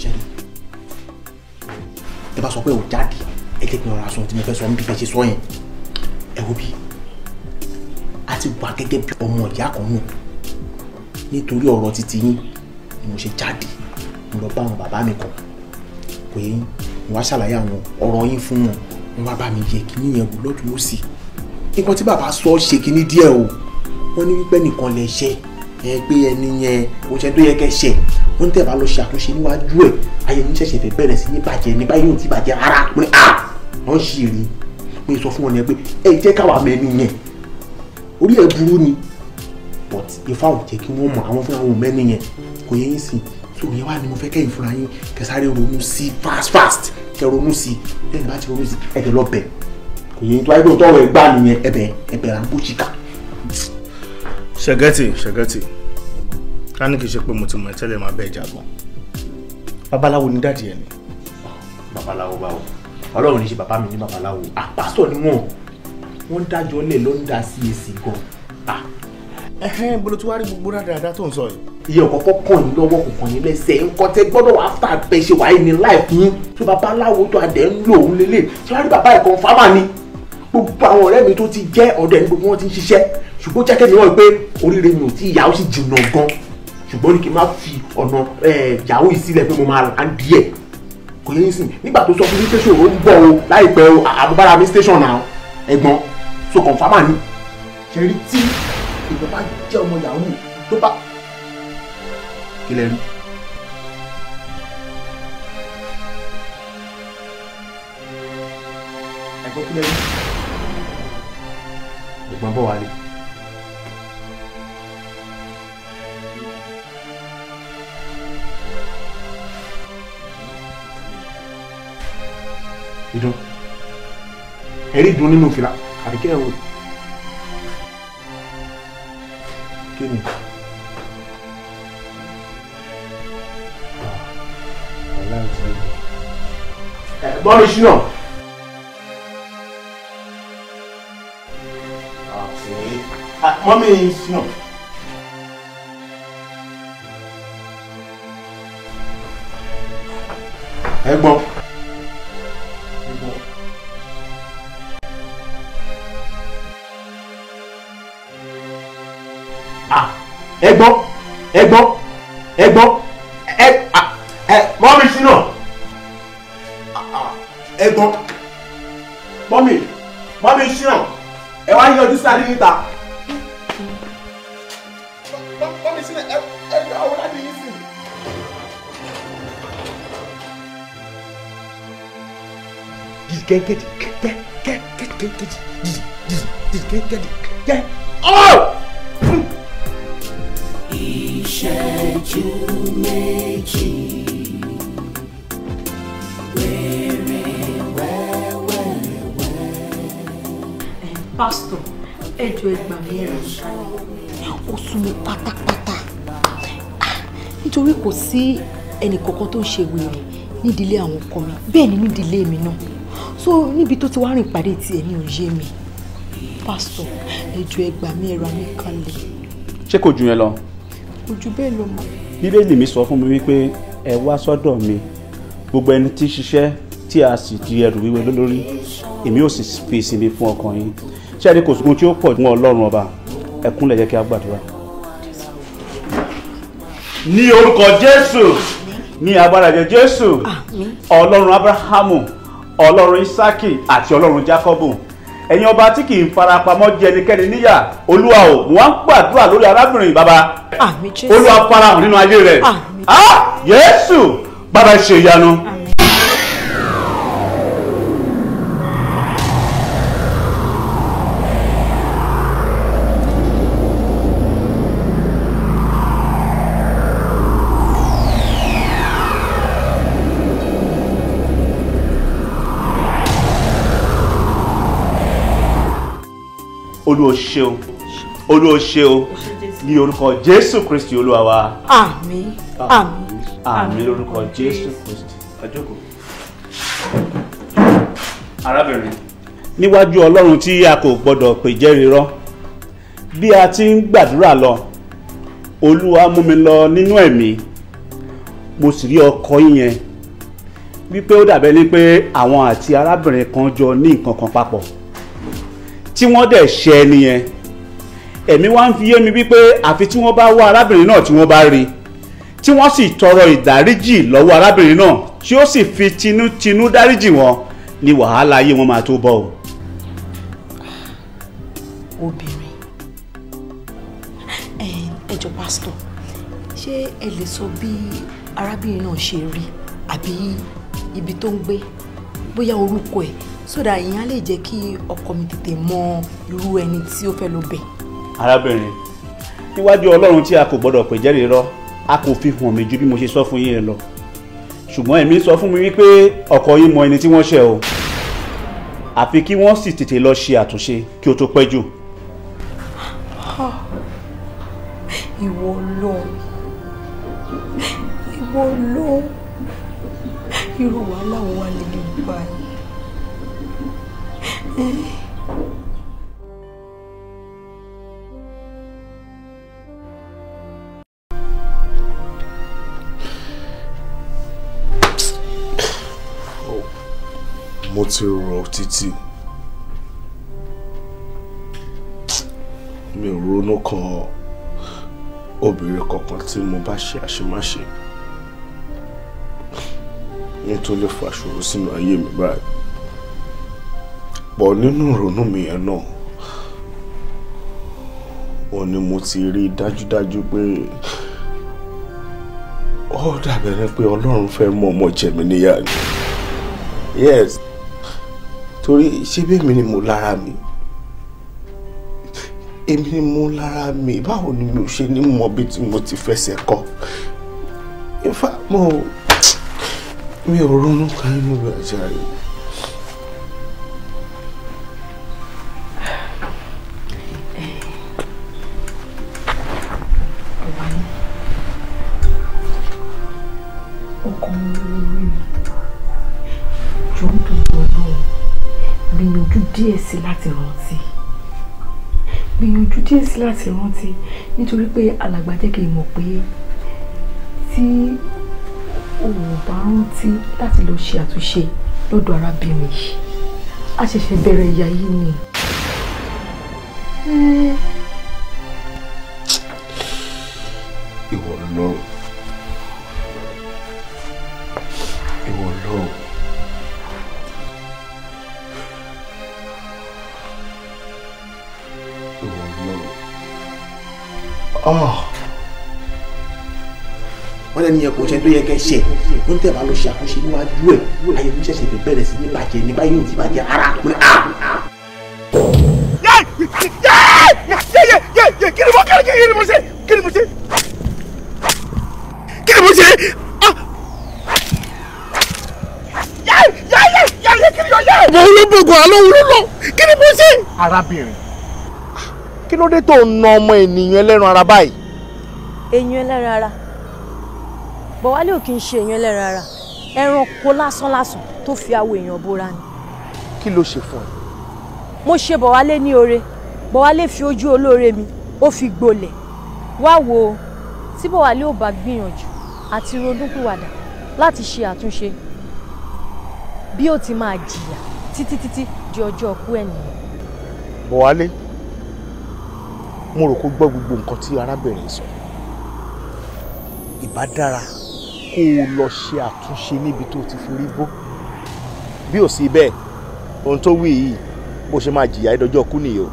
ṣẹ́ni tẹ bá sọ pé ò jáde ẹ jẹ́ kí n rọra sun tí mo fẹ́ sọ ń bí fẹ́ ṣe sọ yẹn ẹ wo bí a ti wà gẹ́gẹ́ bí ọmọ ìyá kan nù nítorí ọ̀rọ̀ titi yín ni mo ṣe jáde mo lọ bá àwọn bàbá mi kan kò yẹ yín mo wá ṣàlàyé àwọn ọ̀rọ̀ yín fún wọn wọn wá bá mi yẹ kí níyẹn wò lọ́dún ó sì nǹkan tí bàbá sọ ṣe kí ní díẹ̀ o wọ́n ní wípé nìkan lè ṣe ẹ pé ẹni yẹn oṣù tó yẹ kẹ́ ṣe wọ́n ní tẹ̀bá lọ ṣe àtúnṣe níwájú ẹ̀ ayé mi ṣẹ̀ṣẹ̀ fẹ́ bẹ̀rẹ̀ sí ní bàjẹ́ nípa yóò ti bàjẹ́ ara pé a wọ́n ṣì rí pé sọ fún wọn yẹn pé ẹ jẹ́ káwa mẹ́ni yẹn orí ẹ̀ burú ni but ifá ò jẹ́ kí wọ́n mọ àwọn fúnra wọn mẹ́ni yẹn kò yẹ yín sìn so yẹn wá ni mo fẹ́ kẹ́yìn fúnra yín kẹsàrẹ́ ronú sí fast fast kẹ ronú sí lẹ́yìn bá ti ronú sí ẹ̀jẹ̀ lọ bẹ̀ kò yẹ yín tó wáyé tó tọrọ ẹ̀ gbá nìyẹn ẹ̀bẹ̀ ẹ̀bẹ̀ rà ń bó chika ṣẹgẹtì ṣẹgẹtì ká ní kì í ṣe pé mo ti mọ ẹ tẹ́lẹ̀ máa bẹ ìjà gan babaláwo ní dádì ẹ ni. babaláwo báwo ọlọ́run ní ṣe bàbá mi ní babaláwo àpásọ̀ ni wọ́n wọ́n dájọ́ lẹ̀ ló ń da sí èsì gan. ẹhẹ́n bolo tí wàá rí gbogbo dáadáa tó ń sọ yìí. iye ọ̀kọ̀ọ̀kọ̀ kàn yín lọ́wọ́ kò kàn yín lẹ́sẹ̀ nǹkan tẹ gbọ́dọ̀ wá fà bẹ́ ṣe wáyé ní láì fún tó babaláwo tó adẹ̀ ń lò ó lélẹ̀ ṣé wàá rí bàbá ẹ̀kan fámà ni gbogbo àwọn ọ̀rẹ́ mi tó ti jẹ́ ọ̀dọ̀ ẹni gbogbo wọn ti ń ṣiṣẹ́ ṣùgbọ́n jẹ́ kẹ́mi wọ́n pé oríire mi ò tí ìyàwó sì jìnnà gan ṣùgbọ́n ní kí n má fi ọ̀nà ìyàwó yìí sílẹ̀ pé mo máa rà á díẹ̀ kò yẹ nísìn nígbà tó sọ fún mi station ó ń bọ̀ o láìpẹ́ o àbúbára mi station náà ẹ̀gbọ́n so confam ni ṣe rí tí èèyàn bá jẹ́ ọmọ yahoo tó bá kí lẹ rí. ẹ̀gbọ́n kí lẹ rí. ẹ̀gbọ́n bọ̀ wálé. ìdùn ẹ̀rí ìdùn nínú fìlà àbí kí ẹ wò kí ni. bọ́ọ̀lù ṣúná. Ah, mọ́mí ṣúná. ẹ gbọ́. ẹ̀gbọ́n ẹ̀gbọ́n ẹ̀gbọ́n ẹ ẹ mọ́mí ṣínà ẹ̀gbọ́n mọ́mí mọ́mí ṣínà ẹ wá yọjú get, get, get, get, get, get, get, get, get, get, get, get, get, get, get, get ń ṣe wèrè nídìílé àwọn ọkọ mi bẹ́ẹ̀ ni nídìílé mi náà so níbi tó ti wá rìn pàdé tiẹ̀ ní òye mi pásọ ẹjọ́ ẹgbà mi ẹ̀rọ mi kalẹ̀. ṣé kò jù yẹn lọ. kò jù bẹ́ẹ̀ lọ mọ́. bíbélì mi sọ fún mi wípé ẹ wá sọ́dọ̀ mi gbogbo ẹni tí ṣiṣẹ́ tí a sì di ẹrù wíwẹ lórí èmi ò sì fi ìsinmi fún ọkàn yín ṣé ẹni kò sókun tí ó pọ̀ mọ́ ọlọ́run ọba ẹkúnlẹ̀ jẹ́ kí a gbàdúrà. ní orúkọ jésù ní agbára ẹ̀jẹ̀ jésù ọlọ́run abrahamu ọlọ́run isaki àti ọlọ́run jacobu ẹ̀yin ọba tí kì í farapamọ́ jẹ ẹnikẹ́ni níyà olúwa o wọ́n ń gbàdúrà lórí arábìnrin bàbá olúwa farahàn nínú ayé rẹ̀ ah, jésù bàbá ṣe ìyanu. Àmín olúwa ṣeun olúwa ṣeun ní orúkọ jésù kristi olúwa wa. àmín àmín àmín lórúkọ jésù kristi. àjọkò arábìnrin. níwájú ọlọ́run tí a kò gbọ́dọ̀ pè jẹ́ irọ́ bí a ti ń gbàdúrà lọ olúwa mú mi lọ nínú ẹ̀mí mo sì rí ọkọ yẹn wípé ó dàbẹ́ ni pé àwọn àti arábìnrin kan jọ ní nǹkan kan papọ̀ tí wọ́n dẹ̀ ṣe ẹni ẹ̀mí wá ń fi yé mi wípé àfi tí wọ́n bá wá arábìnrin náà tí wọ́n bá rí tí wọ́n sì tọrọ ìdáríjì lọ́wọ́ arábìnrin náà tí ó sì fi tinútinú dáríjì wọn ni wàhálà ayé wọn máa tó bọ̀ o. obìnrin ẹ jọ̀ọ́ pásítọ̀ ṣé ẹ lè sọ bí arábìnrin náà ṣe rí àbí ibi tó ń gbé bóyá orúkọ ẹ̀ so that ìyẹn á lè jẹ́ kí ọkọ mi tètè mọ irú ẹni tí ó fẹ́ lọ bẹ̀. arábìnrin níwájú ọlọ́run tí a kò gbọ́dọ̀ pè jẹ́rìí rọ a kò fi hàn mí ju bí mo ṣe sọ fún yín lọ ṣùgbọ́n ẹ̀mí sọ fún mi wípé ọkọ yín mọ ẹni tí wọ́n ṣẹ̀ o àfi kí wọ́n sì tètè lọ ṣe àtúnṣe kí o tó pẹ́ jù. ìwọ ọlọ́run ìwọ ọlọ́run irú wàhálà wà nínú ìgbà yìí mo ti rò títí mi ò ronú kan obìnrin kankan tí mo bá ṣe àṣemáṣe nítorí fàṣòro sínú ayé mi báyìí pọ̀ nínú ìrònú mi yẹn náà ó ní mo ti rí dájúdájú pé ó dàbẹ̀rẹ̀ pé ọlọ́run fẹ́ mọ ọmọ jẹ̀mí níyà ni yes torí ṣébí èmi ni mo lára mi èmi ni mo lára mi báwo ni mi ò ṣe ní mọ bí tí mo ti fẹsẹ̀ kọ ifá mo mi ò ronú kan inú ìgbà járe. díẹ̀ sí láti rántí gbìyànjú díẹ̀ sí láti rántí nítorí pé alàgbà jẹ́ kí n mọ̀ pé tí o ò bá rántí láti lọ ṣe àtúnṣe lọ́dọ̀ arábìnrin yìí a ṣẹ̀ṣẹ̀ bẹ̀rẹ̀ ìyá yìí ni. ọmọ wọ́n lẹ́nu yẹn kò ṣe tó yẹ kẹ́ ṣe ń tẹ̀ bá lọ ṣe àkóso níwájú ẹ̀ ayé mi ṣẹ̀ṣẹ̀ fẹ́ bẹ̀rẹ̀ sí ní bàjẹ́ ní báyìí ò ti bàjẹ́ ara pé a. kí ni mo kí ni mo ṣe kí ni mo ṣe kí ni mo ṣe. Ah! mo ń lo gbogbo àlọ́ òun ló lọ kí ni mo ṣe. arábìnrin kí ló dé tó ń na ọmọ ènìyàn ẹlẹ́ran ara báyìí. èèyàn ẹlẹ́ran ara bọ̀wálé ò kì í ṣe èèyàn ẹlẹ́ran ara ẹranko lásán lásán tó fi awọ èèyàn bóra ni. kí ló ṣe fún ẹ. mo ṣe bọ̀wálé ní oore bọ̀wálé fi ojú olóore mi ó fi gbolẹ̀ wá wo tí bọ̀wálé ò bá gbìyànjú àti ronúpìwàdà láti ṣe àtúnṣe bí ó ti máa jìyà títí títí di ọjọ́ ọkú ènìyàn. bọ̀wálé mo rò kó gbọ́ gbogbo nǹkan tí arábìnrin sọ ìbá dára kó o lọ ṣe àtúnṣe níbi tó ti forí bó bí ò sí bẹ́ẹ̀ ohun tó wí yìí bó ṣe máa jìyà ìdọ́jọ́ kú nìyí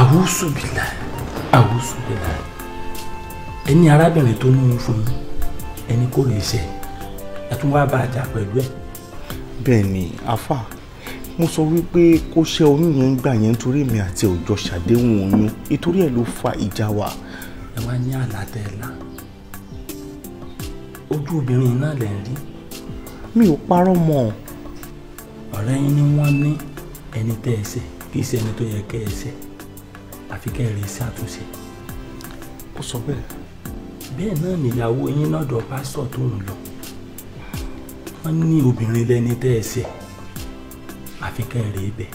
àwùsù bìlà àwùsù bìlà ẹni arábìnrin tó mú un fún mi ẹni kò lè ṣe ẹ tún wá bá a jà pẹ̀lú ẹ. bẹ́ẹ̀ ni afa mo sọ wípé kó ṣe oyún yẹn ń gbà yẹn nítorí mi àti òjò ṣàdéhùn oyún ìtorí ẹ̀ ló fa ìjà wa. ẹ wá ní àlàtẹ̀lá ojú obìnrin náà lè rí. mi ò parọ́ mọ́. ọ̀rẹ́ yín ni wọ́n ní ẹni tẹ́ ẹ ṣe kì í ṣe ẹni tó yẹ kẹ́ ẹ ṣe àfi kẹ́ ẹ rí sí àtúnṣe. ó sọ bẹ́ẹ̀. bẹ́ẹ̀ náà nìyàwó yín lọ́dọ̀ pásítọ̀ tó ń lọ wọ́n ní obìnrin lẹni tẹ́ ẹ ṣe àfi kẹ́ ẹ rí ibẹ̀.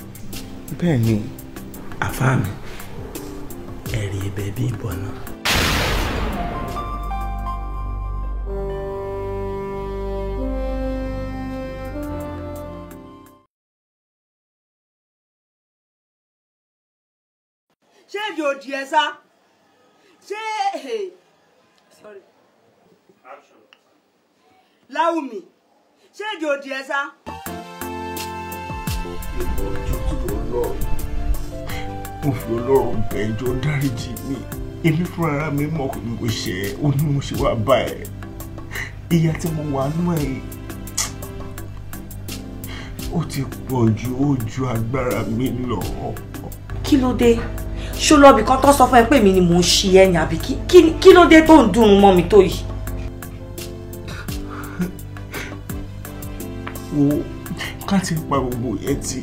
bẹ́ẹ̀ ni àfáà mi ẹ rí ibẹ̀ bí ìbọn náà. ṣé èdè òdì ẹ sá ṣé sorry láwùmí ṣé èdè òdì ẹ sá ìmọ̀ ojútùú ọlọ́run mo fi ọlọ́run bẹ̀jọ́ dáríjì mi èmi fúnra mi mọ̀ pé mo ṣe ó ní mo ṣe wá bá ìyá tí mo wà nú ẹ̀ ó ti pọ̀ ju ó ju agbára mi lọ. kí ló dé ṣó lọ́ọ̀bì kan tó sọ fún ẹ pé mi ni mò ń ṣe ẹ àbí kí ló dé tó ń dùn mọ́ mi tó yìí ká ti pa gbogbo yẹn ti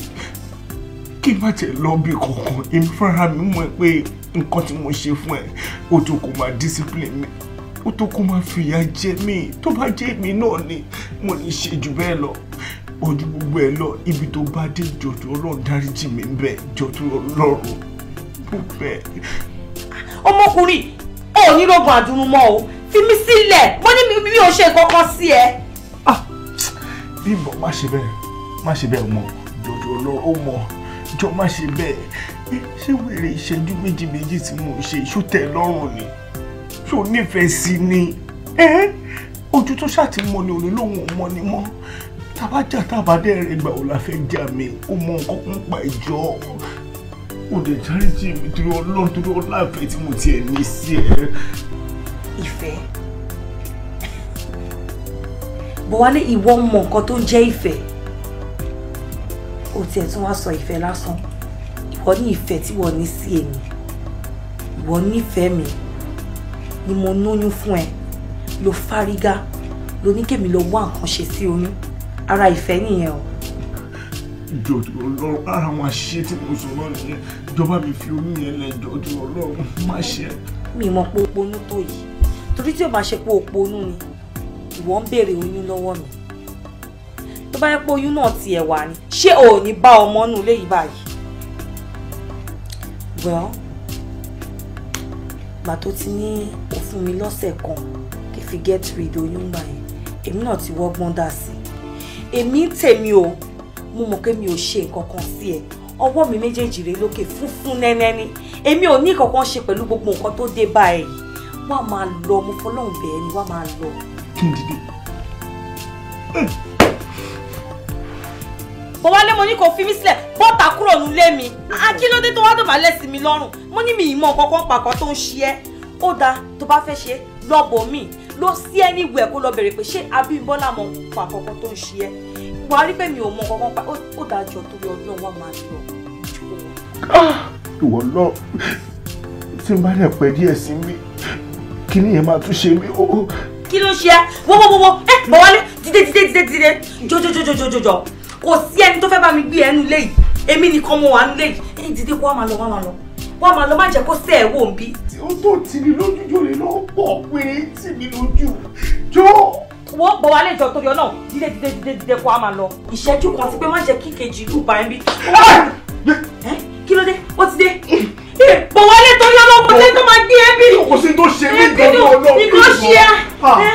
kí n má tẹ̀ lọ bí kankan èmi fúnra mi mọ̀ pé nǹkan tí mo ṣe fún ẹ ó tó kó máa discipline mi ó tó kó máa fìyà jẹ mí tó bá jẹ́ èmi náà ni mo lè ṣe jù bẹ́ẹ̀ lọ ojú gbogbo ẹ lọ ibi tó bá dé jọjọ Ọlọ́run dáríjì mi ń bẹ jọjọ Ọlọ́run gbogbo ẹ. ọmọkùnrin ò ní lọ́gùn àdúrú mọ́ o fi mí sílẹ̀ mo ní mi ò ṣe kankan sí ẹ. Ah, Bímbọ́ má ṣe bẹ́ẹ̀ má ṣe bẹ́ẹ̀ mọ́ jọjọ lọ ó mọ́ jọ má ṣe bẹ́ẹ̀ ṣé wèrè ìṣẹ́jú méjì méjì tí mo ṣe ṣó tẹ́ lọ́rùn ni ṣó nífẹ̀ẹ́ sí ni ojú tó ṣàti mọ ni òní lòun ò mọ ni mọ́ tabajà tabadẹ rẹ gbà ò la fẹ́ jà mí ó mọ nǹkan kan pa ìjọ ó dẹ̀ járíjì mi torí ọlọ́run torí ọláfẹ́ tí mo tiẹ̀ ní sí ẹ. ìfẹ́ bọ̀wálé ìwọ mọ nǹkan tó ń jẹ́ ìfẹ́ o tiẹ̀ tún wá sọ ìfẹ́ lásán ìwọ ní ìfẹ́ tí wọ́n ní sí èmi ìwọ nífẹ̀ẹ́ mi ni mo lóyún fún ẹ lo fárígá lo ní kèmi lọ wá nǹkan ṣe sí oyún ara ìfẹ́ nìyẹn o. jòjò Ọlọ́run ara àwọn àṣìṣe tí mo sọ náà nìyẹn ìjọba mi fi oyún yẹn lẹ jòjò Ọlọ́run má ṣe. mi mọ̀ pé òponú tó yìí torí tí o bá ṣe pé òponú ni ìwọ ń béèrè oyún lọ́wọ́ mi tó bá yẹ pé oyún náà tiẹ̀ wà ni ṣé o ò ní bá ọmọ nù léyìí báyìí. well ìgbà tó ti ní òfin mi lọ́sẹ̀ kan kí fi get rid oyún gbà èmi náà ti wọ́gbọ́n dà sí i èmi tèmi o mo mọ̀ pé mi ò ṣe nǹkan kan sí ẹ ọwọ́ mi méjèèjì rè lókè fúnfún nẹ́nẹ́ní èmi ò ní kankan ṣe pẹ̀lú gbogbo nǹkan tó dé bá wàá máa lọ mo fọlọ́hún bẹ̀ẹ́ ni wàá máa lọ. kí n dìde bó wálé mo ní kò fi mí sílẹ̀ bọ́ta kúrò nílé mi akílódé ah, tó wá dọ̀bálẹ̀ sí mi lọ́rùn mo ní mi ìmọ̀ kankan pàkan tó ń ṣe ẹ́ ó dáa tó bá fẹ́ ṣe lọ́bọ̀ mi lọ sí ẹni ìwẹ̀ kó lọ bẹ̀rẹ̀ pé ṣé Abímbọ́lá mọ̀ pàkan tó ń ṣe ẹ́ wàá rí pé mi ò mọ̀ kankan pa ó dáa jọ torí ọdún wa máa lọ. Ah, ìwọ lọ tí n bá rẹ̀ pẹ́ díẹ̀ sí mi kí ni yẹn máa tún ṣe mí kí ló ṣe ẹ wọ́wọ́wọ́wọ́ ẹ bọ̀ wálé dídé dídé dídé dídé kò sí ẹni tó fẹ́ bá mi gbé ẹnu lé yìí èmi nìkan mo wà ń lé yìí ẹni dídé kó wà máa lọ wà máa lọ wà máa lọ má jẹ́ kó sẹ́ ẹ̀ wò ń bí. ó tó tì mí lójú jòlè lọ pọ̀ pé tì mí lójú jọ. wọ́n bọ̀ wá lẹ́jọ́ torí ọ̀nà dídé dídé dídé dídé kó wà máa lọ ìṣẹ́jú kan sí pé má jẹ́ kí kejì ìlú bá ẹ bí. kí ló dé ó ti dé bọ̀ wá lẹ́tọ́ yọ lọ́kọ̀ọ́ lẹ́tọ́ máa gbé ẹ bí. kò sí tó ṣe mí gan-an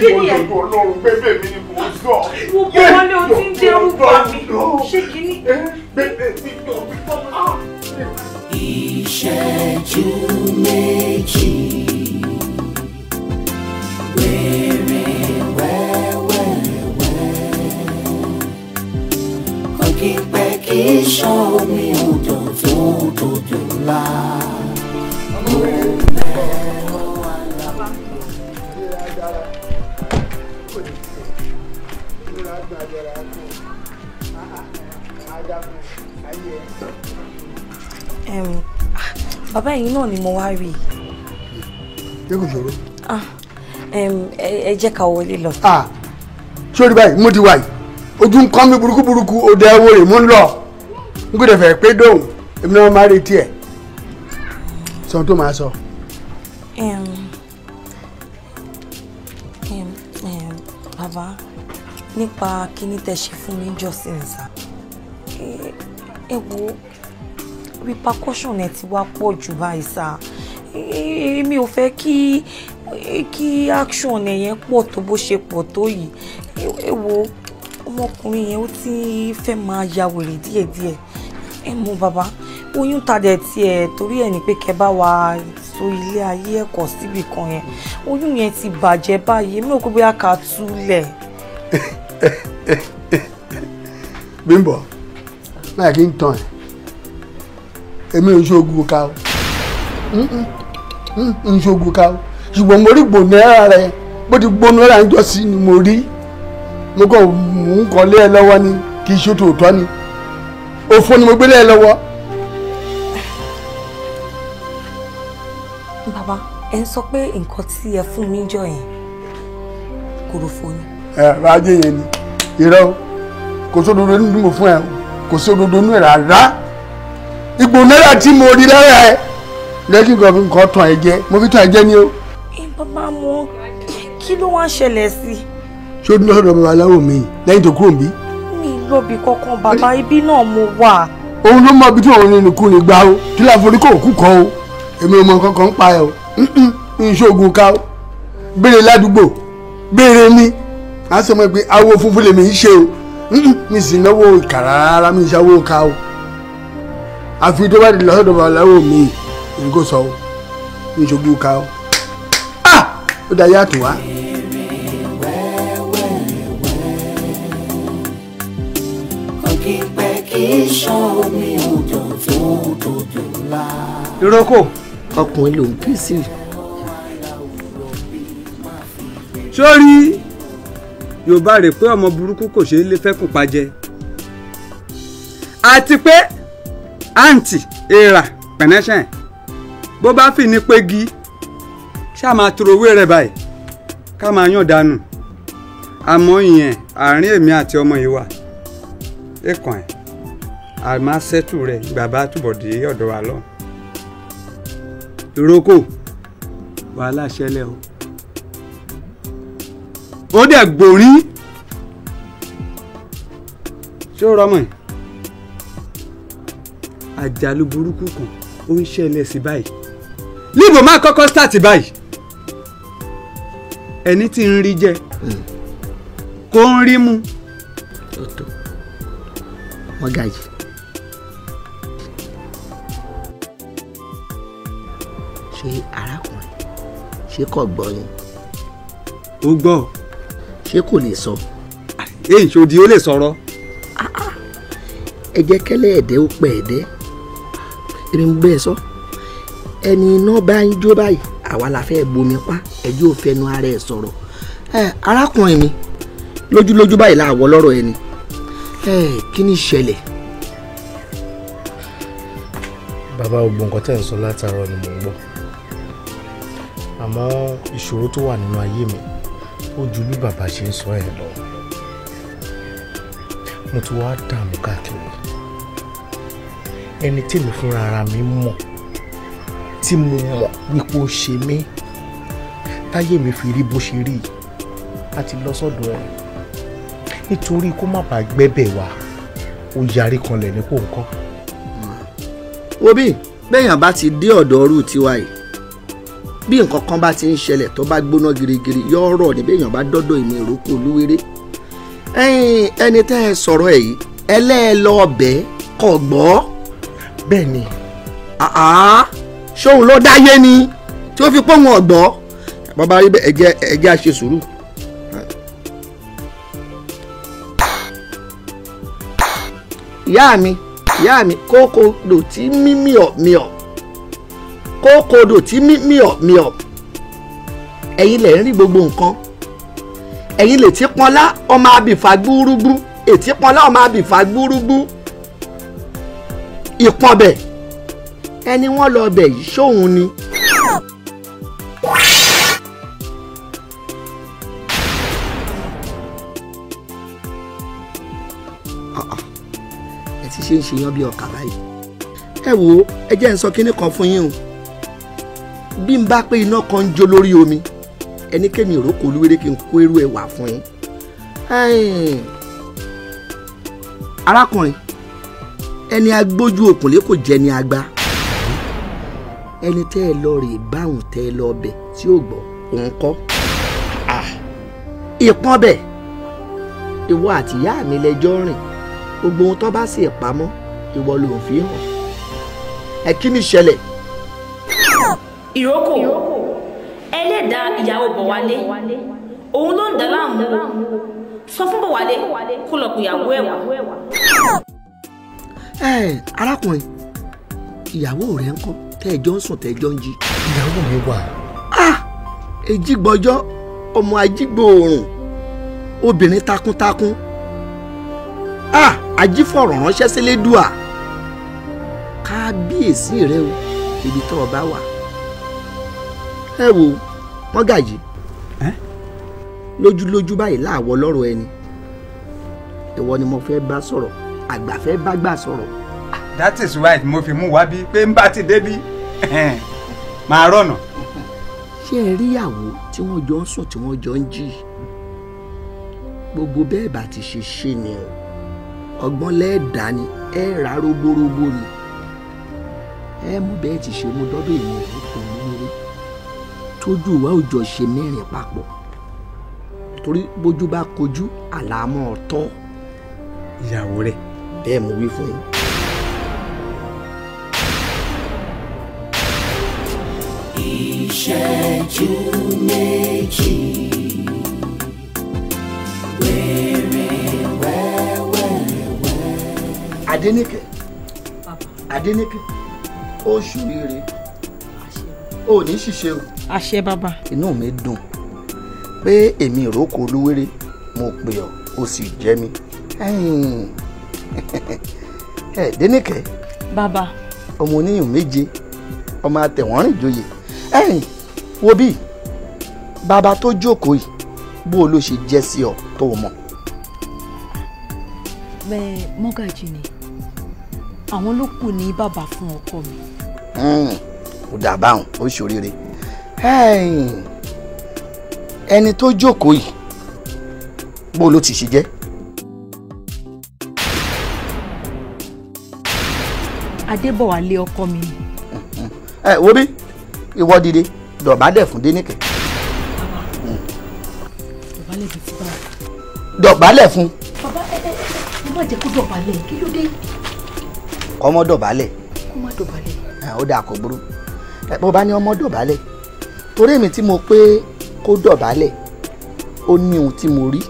kí ni ẹ bí mo lọ lọ́rùn bébè mi ni mi ṣé kí ni. la. Um, baba, you know ẹ. Ah, bàbá ẹ̀yin náà ni mo wá rí i. ṣé kò ṣòro. ẹ jẹ́ ká wọlé lọ. sórí ah, báyìí mo ti wà yìí ojú ń kán mi burúkú burúkú òde ẹwọ rè mú ń lọ n kò dẹ̀ fẹ́ pé dóhùn èmi náà máa retí ẹ̀ sọ tó máa Um. nípa kíní tẹ́ ṣe fún mi jọ́sìn sá ẹ wo repercussion ẹ ti wá pọ̀ jù báyìí sá èmi ò fẹ́ kí kí action ẹ yẹn pọ̀ tó bó ṣe pọ̀ tó yìí ẹ wo ọmọkùnrin yẹn ó ti fẹ́ máa ya wèrè díẹ̀díẹ̀ ẹ mú bàbá oyún tadẹ tiẹ̀ torí ẹ̀ ní pé kẹ́ bá wa so ilé ayé ẹ̀kọ́ síbì kan yẹn oyún yẹn ti bàjẹ́ báyìí èmi ò kó bóyá ká túlẹ̀. [LAUGHS] Bímbọ́ láì kí n tàn ẹ́ èmi ò ṣoògùn ká o ń ṣoògùn ká o ṣùgbọ́n mo rí gbòmìnira rẹ bó ti gbónára ń jọ sí ni mo rí mo kàn mú nǹkan lé ẹ lọ́wọ́ ni kì í ṣe tòótọ́ ni òfò ni mo gbé lé ẹ lọ́wọ́. bàbá ẹ ń sọ pé nǹkan tí ẹ fún mi jọ yẹn kòròfo ni ẹ bá jẹ yẹn ni irọ́ kò sódodo nínú mo fún ẹ kò sódodo nínú ẹ rárá igbó náírà tí mo rí lára ẹ lẹ́kìn kan fi nǹkan tàn ẹ jẹ mo fi tàn ẹ jẹ ni o. ẹ bàbá mo kí ló wá ń ṣẹlẹ̀ sí i. ṣó ní ọ̀dọ̀ bàbá aláwọ̀ mi lẹ́yìn tó kúrò níbí. mi lóbi kankan bàbá ibi náà mo wà. òun ló mọ ibi tí òun nínú kú ni gbá o kí láà forí kò kú kan o èmi ò mọ kankan pa ẹ o [CLEARS THROAT] n ṣoògùn ká o béèrè ládùúgbò béèrè mi á sọ mọ́ pé awo funfun lèmi ń ṣe o mi sì náwó ìkà rárá mi ṣàwó ká o àfi tó bá di lọ́sọ̀dọ̀ babaláwo mi nǹkó sọ o mi ṣojú ká o ah! ó dá yàtọ̀ wá. ìrókò ọkùnrin ló ń pèsè. sórí yorùbá rè pé ọmọ burúkú kò ṣeé lé fẹ́kùn pajẹ àti pé àǹtí èèrà pẹ̀nẹ́sẹ̀ bó bá fi ní pégi ṣáà máa torowé rẹ̀ báyìí ká máa yàn dànù àmọ́ ìyẹn àárín èmi àti ọmọ yìí wà ẹ̀kàn ẹ̀ àmọ́ sẹ́tù rẹ̀ bàbá túbọ̀ dé ọ̀dọ̀ wa lọ. ìrókò wàhálà ṣẹlẹ̀ o ó dẹ̀ gborí ṣé ó rọmọ yìí àjálù burúkú kan ó ń ṣẹlẹ̀ sí báyìí líbo máa kọ́kọ́ start báyìí ẹni tí ń rí jẹ hmm. kó ń rí mu. wọ́n ga yìí. ṣé arákùnrin ṣé kò gbọ́ yín. ó gbọ́ ṣé kò lè sọ. èyí ṣòdì ó lè sọ̀rọ̀. Ah, ah. ẹ jẹ́ kẹ́lẹ́ ẹ̀dẹ́ ó pẹ́ ẹ̀dẹ́ èmi ń bẹ́ẹ̀ sọ ẹni iná bá ń jó báyìí àwa la fẹ́ bomi pa ẹjọ́ òfẹ́nu ara ẹ̀ sọ̀rọ̀ arákùnrin mi lójúlójú báyìí láàwọ̀ lọ́rọ̀ ẹni kí ni ìṣẹ̀lẹ̀. bàbá gbogbo nǹkan tẹ̀ ń sọ látàárọ̀ ni mò ń gbọ́ àmọ́ ìṣòro tó wà nínú ayé mi ó ju bí bàbá ṣe ń sọ ẹ̀ lọ mo ti wá dààmú káàkiri ẹni tèmi fúnra ara mi mọ̀ tí mo mọ̀ wípé ó ṣe mí táyé mi fi rí bó ṣe rí a ti lọ sọ́dọ̀ ẹ̀ nítorí kó má bàa gbẹ́bẹ̀ wá ó yarí kanlẹ̀ ní kò ń kọ́. wo bí bẹ́yàn bá ti dé ọ̀dọ̀ ọrú tiwa yìí bí nǹkan kan bá ti ń ṣẹlẹ̀ tó bá gbóná girigiri yóò rọ̀ níbẹ̀ èèyàn bá dọ́dọ̀ ìmọ̀ ìrókò olúwere ẹni tẹ́ ẹ sọ̀rọ̀ ẹ̀ yìí ẹlẹ́ẹ̀lọ́ọ̀bẹ kọ̀ gbọ́. bẹ́ẹ̀ ni. ṣóun ló dáyé ni tí ó fi pọ́n ọ̀gbọ́. bàbá rí bẹ́ẹ̀ ẹ̀jẹ̀ ẹ̀jẹ̀ àṣẹ sùúrù. ìyá mi ìyá mi kókó lò tí mímí ọ̀ mi ọ̀ kókó odò tí mi ọ̀ mi ọ̀ ẹ̀yin lẹ̀ ń rí gbogbo nǹkan ẹ̀yin lè ti pọnlá ọmọ abìfà gbúrúgbú ètí pọnlá ọmọ abìfà gbúrúgbú ìpọnbẹ ẹni wọ́n lọ bẹ̀ yìí ṣóhun ni. ẹ ti ṣe ń ṣe yan bí ọkà báyìí ẹ wo ẹ jẹ́ ń sọ kínní kan fún yín o bí n bá pé iná kan ń jó lórí omi ẹnikẹ́ni òrókò olúwerè kí n kó irú ẹ̀ wá fún yín. arákùnrin ẹni agbójú òkùnlé kò jẹ́ ni agba ẹni tẹ́ ẹ lọ rè báwọn tẹ́ ẹ lọ bẹ̀ tí ò gbọ́ òun kọ́ ìpọ́n bẹ̀ ìwọ àti ìyá mi lẹ́jọ́ rìn gbogbo ohun tó bá sì pamọ́ ìwọ ló ń fi hàn ẹ kí ni ìṣẹ̀lẹ̀ ìrókò ẹlẹ́dà ìyàwó bọ̀wálé òun ló ń dà láàmú sọ fún bọ̀wálé kó lọ pèyàwó ẹ̀ wá. ẹ arákùnrin ìyàwó rẹ ń kọ tẹjọ ń sùn tẹjọ ń jí. ìyàwó mi wà. èjìgbọ́jọ́ ah, ọmọ ajígbòòrùn obìnrin takuntakun ah, ajífọ̀rọ̀ ránṣẹ́ sílé dùà kábíyèsí rẹ o ibi tó o bá wà ẹ wo mọ́gàjì lójúlójú báyìí láàwọ lọ́rọ̀ ẹni ìwọ ni mo fẹ́ bá sọ̀rọ̀ àgbà fẹ́ bá gbà sọ̀rọ̀. that is why mo fi mú wá bí pé n bá ti débi [LAUGHS] máa rọ̀nà. ṣé ẹ ríyàwó tí wọ́n jọ ń sùn tí wọ́n jọ ń jí gbogbo bẹ́ẹ̀ bá ti ṣe ṣe ni ọgbọ́n lẹ́ẹ̀dá ni ẹ ra rogbórogbó ni ẹ mú bẹ́ẹ̀ ti ṣe mú dọ́dọ̀ ìmọ̀ òkú tójú wa ò jọ ṣe mẹ́rin papọ̀ torí bójú bá kojú àlámọ́ ọ̀tọ̀ ìyàwó rẹ̀ bẹ́ẹ̀ mo wí fún yín. ìṣẹ́jú méjì wéré wẹ́wẹ́wẹ́. ó ṣùrí ó ní ṣiṣẹ́ o àṣẹ bàbá. inú mi dùn pé èmi ìrókò olúwéré mo pè ọ́ o sì jẹ́ mi [LAUGHS] ẹ dénìkẹ́. bàbá. ọmọ oníyùn méje ọmọ àtẹ̀wọ́n rìn joyè ẹ̀yìn wo bí bàbá tó jókòó yìí bó o ló ṣe jẹ́ sí ọ tó o mọ̀. bẹ́ẹ̀ mọ́gàjì ni àwọn ló kù ní bàbá fún ọkọ mi. kò dà báwọn ó ṣoríire ẹni tó jókòó yìí bó ló ti ṣe jẹ́. adébọ̀wálé ọkọ mi. ẹ wo bí ìwọ dìde dọ̀bálẹ̀ fún dénìkẹ́. dọ̀bálẹ̀ bíi ti bá a. dọ̀bálẹ̀ fún. bàbá ẹ ẹ ẹ má jẹ́ kó dọ̀bálẹ̀ kí ló dé. kọ́mọ dọ̀bálẹ̀. kọ́mọ dọ̀bálẹ̀. ó dáa kò burú bó bá ní ọmọ dọ̀bálẹ̀ torí èmi tí mo pé kó dọ̀bálẹ̀ ó ní ohun tí mo rí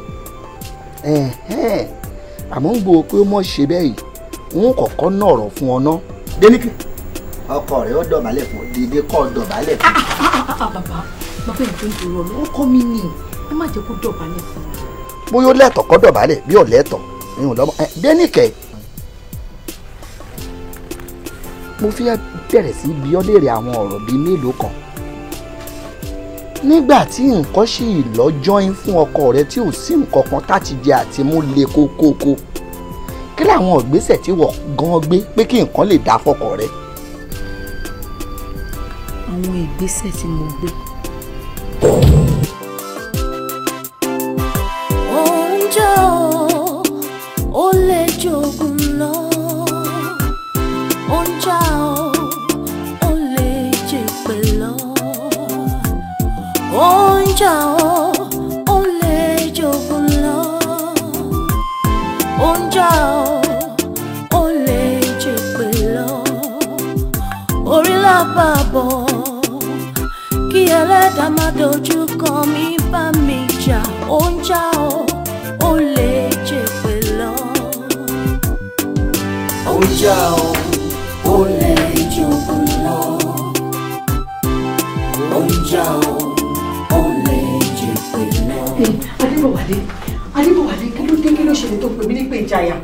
àmọ́ ń gbọ́ pé ó mọ̀ ṣe bẹ́ẹ̀ yìí ń kọ̀kọ́ náà ọ̀rọ̀ fún ọ náà. dénìkì ọkọ rẹ ó dọ̀bálẹ̀ fún dídé kọ́ dọ̀bálẹ̀ fún. Ah, ah, ah, bàbá bàbá ìjọ ń dúró ọ̀nà ó kọ́ mi ni ẹ má jẹ́ kó dọ̀bálẹ̀ fún. bóyá ó lẹ́tọ̀ kọ́ dọ̀bálẹ̀ bí ò lẹ́tọ̀ mi ò lọ́mọ dénìkì mo fi bẹ̀rẹ̀ sí bí ọ́ léèrè àwọn ọ̀rọ̀ bíi mélòó kan nígbà tí nǹkan sì lọ́jọ́yìn fún ọkọ rẹ tí ò sí nǹkan kan tá ti jẹ àti mú le kókókó kí làwọn ìgbésẹ̀ tí wọ́n gan gbé pé kí nǹkan lè dá fọkọ rẹ. àwọn ìgbésẹ̀ tí mo gbé. oúnjẹ ó lè jogún. bọ̀ kí ẹlẹ́dàá má dojú kan mi bá mi jà ó ń jà ó ó lè jèpè lọ. ó ń jà ó ó lè jòkó lọ. ó ń jà ó ó lè jèpè lọ. adébọ̀wálé adébọ̀wálé kí ló dé kí ló ṣẹlẹ̀ tó pè mí nípa ìjàyà.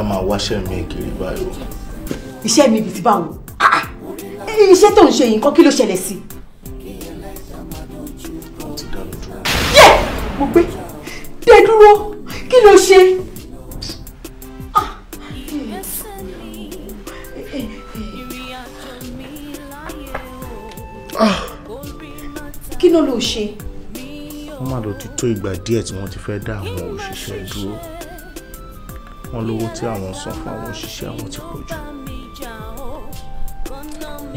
ká máa wáṣẹ́ mi kiri báyìí o. iṣẹ́ mi ibi tí bá wò ah! iṣẹ́ tó ń ṣe yìí nǹkan kí ló ṣẹlẹ̀ sí. yẹ mo gbé dé dúró kí ló ṣe. Ah! kí ló ló ṣe. wọ́n máa lọ ti tó ìgbà díẹ̀ tí wọ́n ti fẹ́ dá àwọn òṣìṣẹ́ dúró wọ́n lówó tí àwọn san fún àwọn òṣìṣẹ́ àwọn ti pọ̀ jù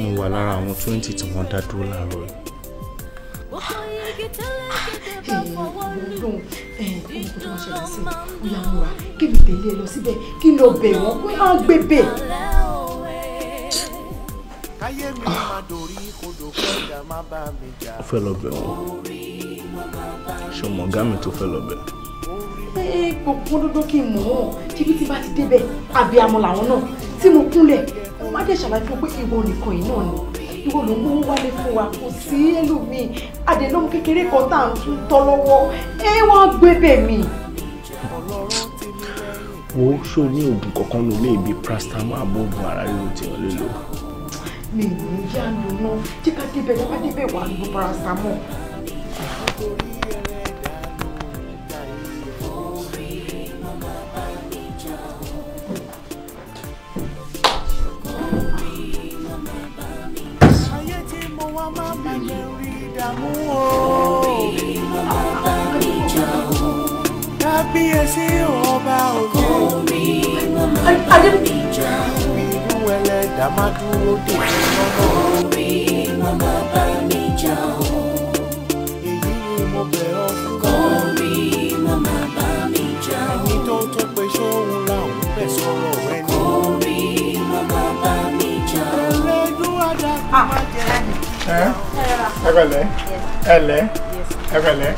mo wà lára àwọn twenty tí wọ́n dá dúró láàárọ̀ yìí. ọlọ́run ẹ̀ẹ́dẹ́gbẹ̀rún tó máa kí mi tẹ̀lé lọ síbẹ̀ kí n lọ bẹ̀ wọ́n pé á gbé bẹ̀. ó fẹ́ lọ bẹ̀ wọ́n ṣọmọ ọ̀gá tó fẹ́ lọ bẹ̀ Eh, pọ̀npọ̀n dúdú kí n mọ̀ ọ́ ṣíbí tí bá ti débẹ̀ abiyamọ làwọn náà tí mo kúnlẹ̀ mo má dẹ̀ ṣàlàyé fún pé ìwọ nìkan yìí náà ni ìwọ ló mú wálé fún wa kò sí ẹlòmíì àdèlóhùn kékeré kan tá à ń tún tọ́ lọ́wọ́ ẹ wọ́n gbé bẹ̀ mí. wo ṣó ní oògùn kankan ló lè bí paracetamol abóògùn ara ríro tèèyàn lè lò. mi ò ní yá nu jẹ́ ká débẹ̀ lọ́wọ́ débẹ̀ wà á lo kábíyèsí ọba òjò irú ẹlẹ́dàá má dúró dè lọ́nà. èyí ni mo bẹ̀rọ ẹni tó tó pe sóhun làwọn bẹ̀ sọ̀rọ̀ rẹ ni. ẹlẹ́dùn ah. àdàkùn má jẹ́ ẹgbẹ̀lẹ́ ẹlẹ́ ẹgbẹ̀lẹ́.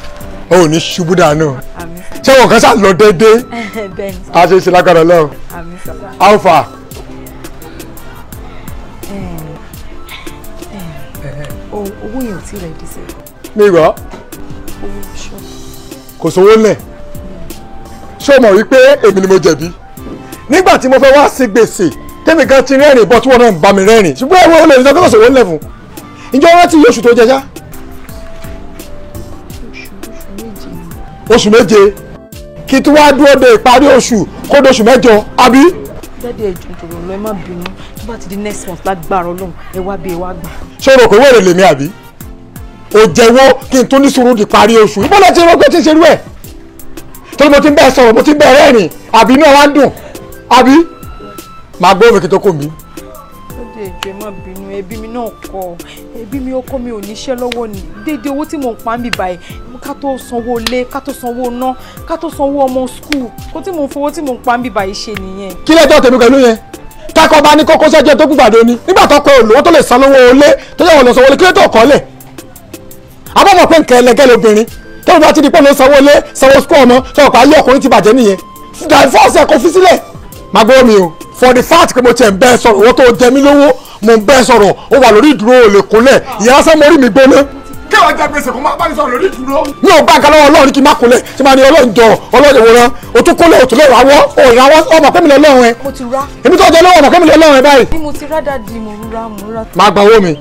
o ò ní ṣubú dànù ṣé wọn kàn ṣàlọ déédéé [LAUGHS] a ṣe ṣe lágbára lọ alpha. owó yẹn ò tí rẹ̀ dí sí. mi rọ kò sówó lẹ̀ ṣé o mọ̀ wípé èmi ni mo jẹ̀bi nígbà tí mo fẹ́ wá sí gbèsè tèmi kan ti rẹ́rìn bọ́ tí wọ́n náà ń bá mi rẹ́rìn ṣùgbọ́n ẹ̀wọ̀n olè ní sọ́kọ́sọ̀wọ́ lẹ̀ fún ǹjẹ́ wọ́n ti yí oṣù tó jẹ ṣá. oṣù méje kí tí wàá dúró de ìparí oṣù kó de oṣù mẹ́jọ àbí. dádì ẹ̀jọ̀ ìjọba ọ̀lọ́ ẹ má bínú tó bá ti di next month lágbára ọlọ́run ẹ wá bí ẹ wá gbà. ṣé o rò pé wẹ́rẹ̀ lèmi àbí o jẹ́wọ́ kí n tó ní sùúrù di parí oṣù ìbọ̀lẹ̀ ti rọ́gbẹ́ ti ṣe rú ẹ̀ torí mo ti ń bẹ́ẹ̀ sọ̀rọ̀ mo ti ń bẹ́ẹ̀ rẹ́rìn àbí inú ẹ̀ wá ń dùn àbí màá gbọ́ òfin kí tó kò mí. ó dé ẹ má bínú ẹbí mi náà kọ ẹbí mi ọkọ mi ò níṣẹ́ lọ́wọ́ ni déédéé owó tí mò ń pa ń bì báyìí ká tó sanwó ilé ká tó sanwó ná ká tó sanwó ọmọ skul kó tí mò ń fowó tí mò ń pa ń bì báyìí ṣe nìyẹn. kí lẹ́jọ́ tèmi pẹ̀lú yẹn kákọ́ bá ní kókó sẹ́jẹ́ tó gbàdo ni nígbà tó kọ olówó tó lè san ilé tó yẹ wọ́n lọ sanwó ilé kí ló tó kọ́ lẹ̀ abọ́mọ̀ pé pé ló má gbọ́ mi o for the fact pé mo tiẹ̀ ń bẹ́ẹ̀ sọ̀rọ̀ owó tó jẹ mí lówó mo ń bẹ́ẹ̀ sọ̀rọ̀ ó wà lórí ìdúró olè kúnlẹ̀ ìyá sẹ́mọ́rí mi gbóná kéwàá jẹ gbèsè kó máa bá mi sọ̀rọ̀ lórí ìdúró. mi ò gbàgbà lọ́wọ́ ọlọ́run kí n má kúnlẹ̀ tí màá ní ọlọ́run jọ ọlọ́run ìwòran o tún kúnlẹ̀ o tún lè rawọ́ o rawọ́ ọmọ pé mi lọ lọ́run ẹ. mo ti ra. èmi tó jẹ lọ́wọ́ ọmọ pé mi lọ lọ́run ẹ báyìí. bí mo ti rá dàdí mo rúra mo rà. máa gba owó mi.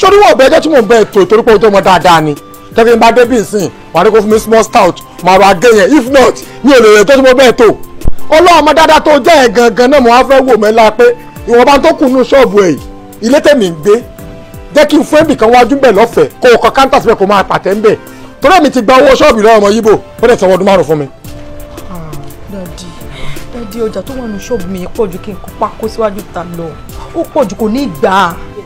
sórí wọn ọbẹ ẹjọ tí mò ń bẹ ètò ìtorí pé ojú ọmọ dáadáa ni tẹ́kí n bá débì nsìn wàá rí kó fún mi small stout màá wá gé yẹn if not mi ò lè rẹ̀ tó tí mo bẹ́ẹ̀ tó ọlọ́ọ̀mọ dáadáa tó jẹ́ ẹ̀ gangan náà mo wá fẹ́ wò mẹ́la pé ìwọ̀nba tó kù nínú ṣọ́ọ̀bù ẹ̀ ilé tèmi ń gbé jẹ́ kí n fún ẹ̀bì kan wájú bẹ̀ lọ́fẹ̀ẹ́ kó o kọ káńtà síbẹ̀ kó máa pàtẹ́ ń bẹ̀ torí èmi ti gba owó ṣọ́ọ̀bù lọ́wọ́ ọmọ yíbò ó dẹ̀ sanwó ọdún márùn fún mi. dadi ah, dadi ọjà tó wà nù ṣọ́ọ̀bù mi pọ̀ ju kí n kópa kó síwájú ta lọ ó pọ̀ ju kò ní gbà.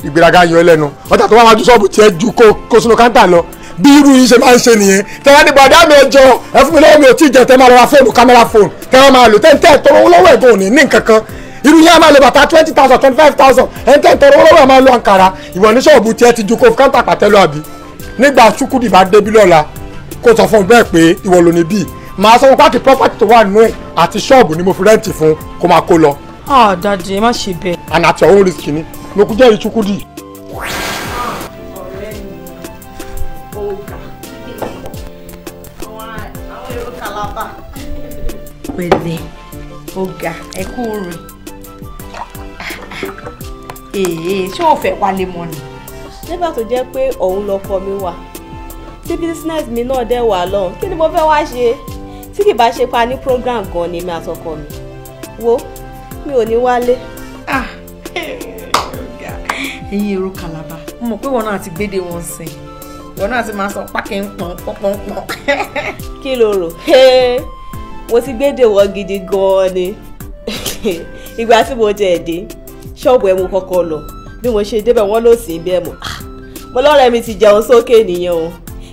ìgbéraga yan ẹlẹ́nu ọjà tó wà wájú ṣọ́ọ̀bù tiẹ̀ ju kó sínú káńtà lọ bí irú yìí ṣe máa ń ṣe nìyẹn tẹ́wọ́n ní bọ̀dá mi ẹjọ́ ẹ fún mi lọ́wọ́ mi ò tí ì jẹ tẹ́ máa lọ ra fóònù kámẹ́rà fóònù tẹ́wọ́n máa lò tẹ́ntẹ́ tọrọ owó lọ́wọ́ ẹ̀gbọ́n òní ní nǹkan kan irú yẹn a máa lò bàtà twenty thousand twenty five thousand ẹ̀ńtẹ́ tọrọ owó lọ́wọ́ ẹ̀ máa lọ àǹkàrà ìwọ ní ṣọ́ọ̀bù tiẹ̀ ti ju kó káńtà pàtẹ́lọ́ àbí nígbà ṣúkúdì bá débí lọ́la kó sọ fún bẹ́ẹ̀ pé ìwọ ló ní bíi màá sọ fún pàtì property tó wà nù ẹ̀ àti ṣọ́ọ̀bù ni mo fi rẹ́ǹtì fún kó máa kó lọ. ah dadi ẹ má and at your own risk ni mo kú jẹ́rìí pẹ̀lẹ́ ọ̀gá ẹ kú rìn èè ṣé o fẹ́ wálé mọ́ ni. nígbà tó jẹ́ pé òun lọkọ mi wà tí business mi náà dẹ̀ wà lọ́hùn kí ni mo fẹ́ wá ṣe tí kì bá ṣe pa ní program gan ni mi àtọkọ mi wo mi ò ní wálé. Ah, ẹ̀yin èrò kàlàbà mo mọ̀ pé wọn náà ti gbédè wọn sìn wọn náà ti máa sọ pákínpọ̀n pọ̀npọ̀n. kí lo rò [LAUGHS] mo ti gbédè wọn gidi gan-an ni [LAUGHS] ìgbà tí mo jẹ èdè ṣọ́ọ̀bù ẹ̀ mo kọ́kọ́ lọ bí mo ṣe débẹ̀ wọ́n ló sì ń bẹ́ẹ̀ mọ́ ah! mo lọ́rọ̀ mi ti jẹun sókè nìyẹn o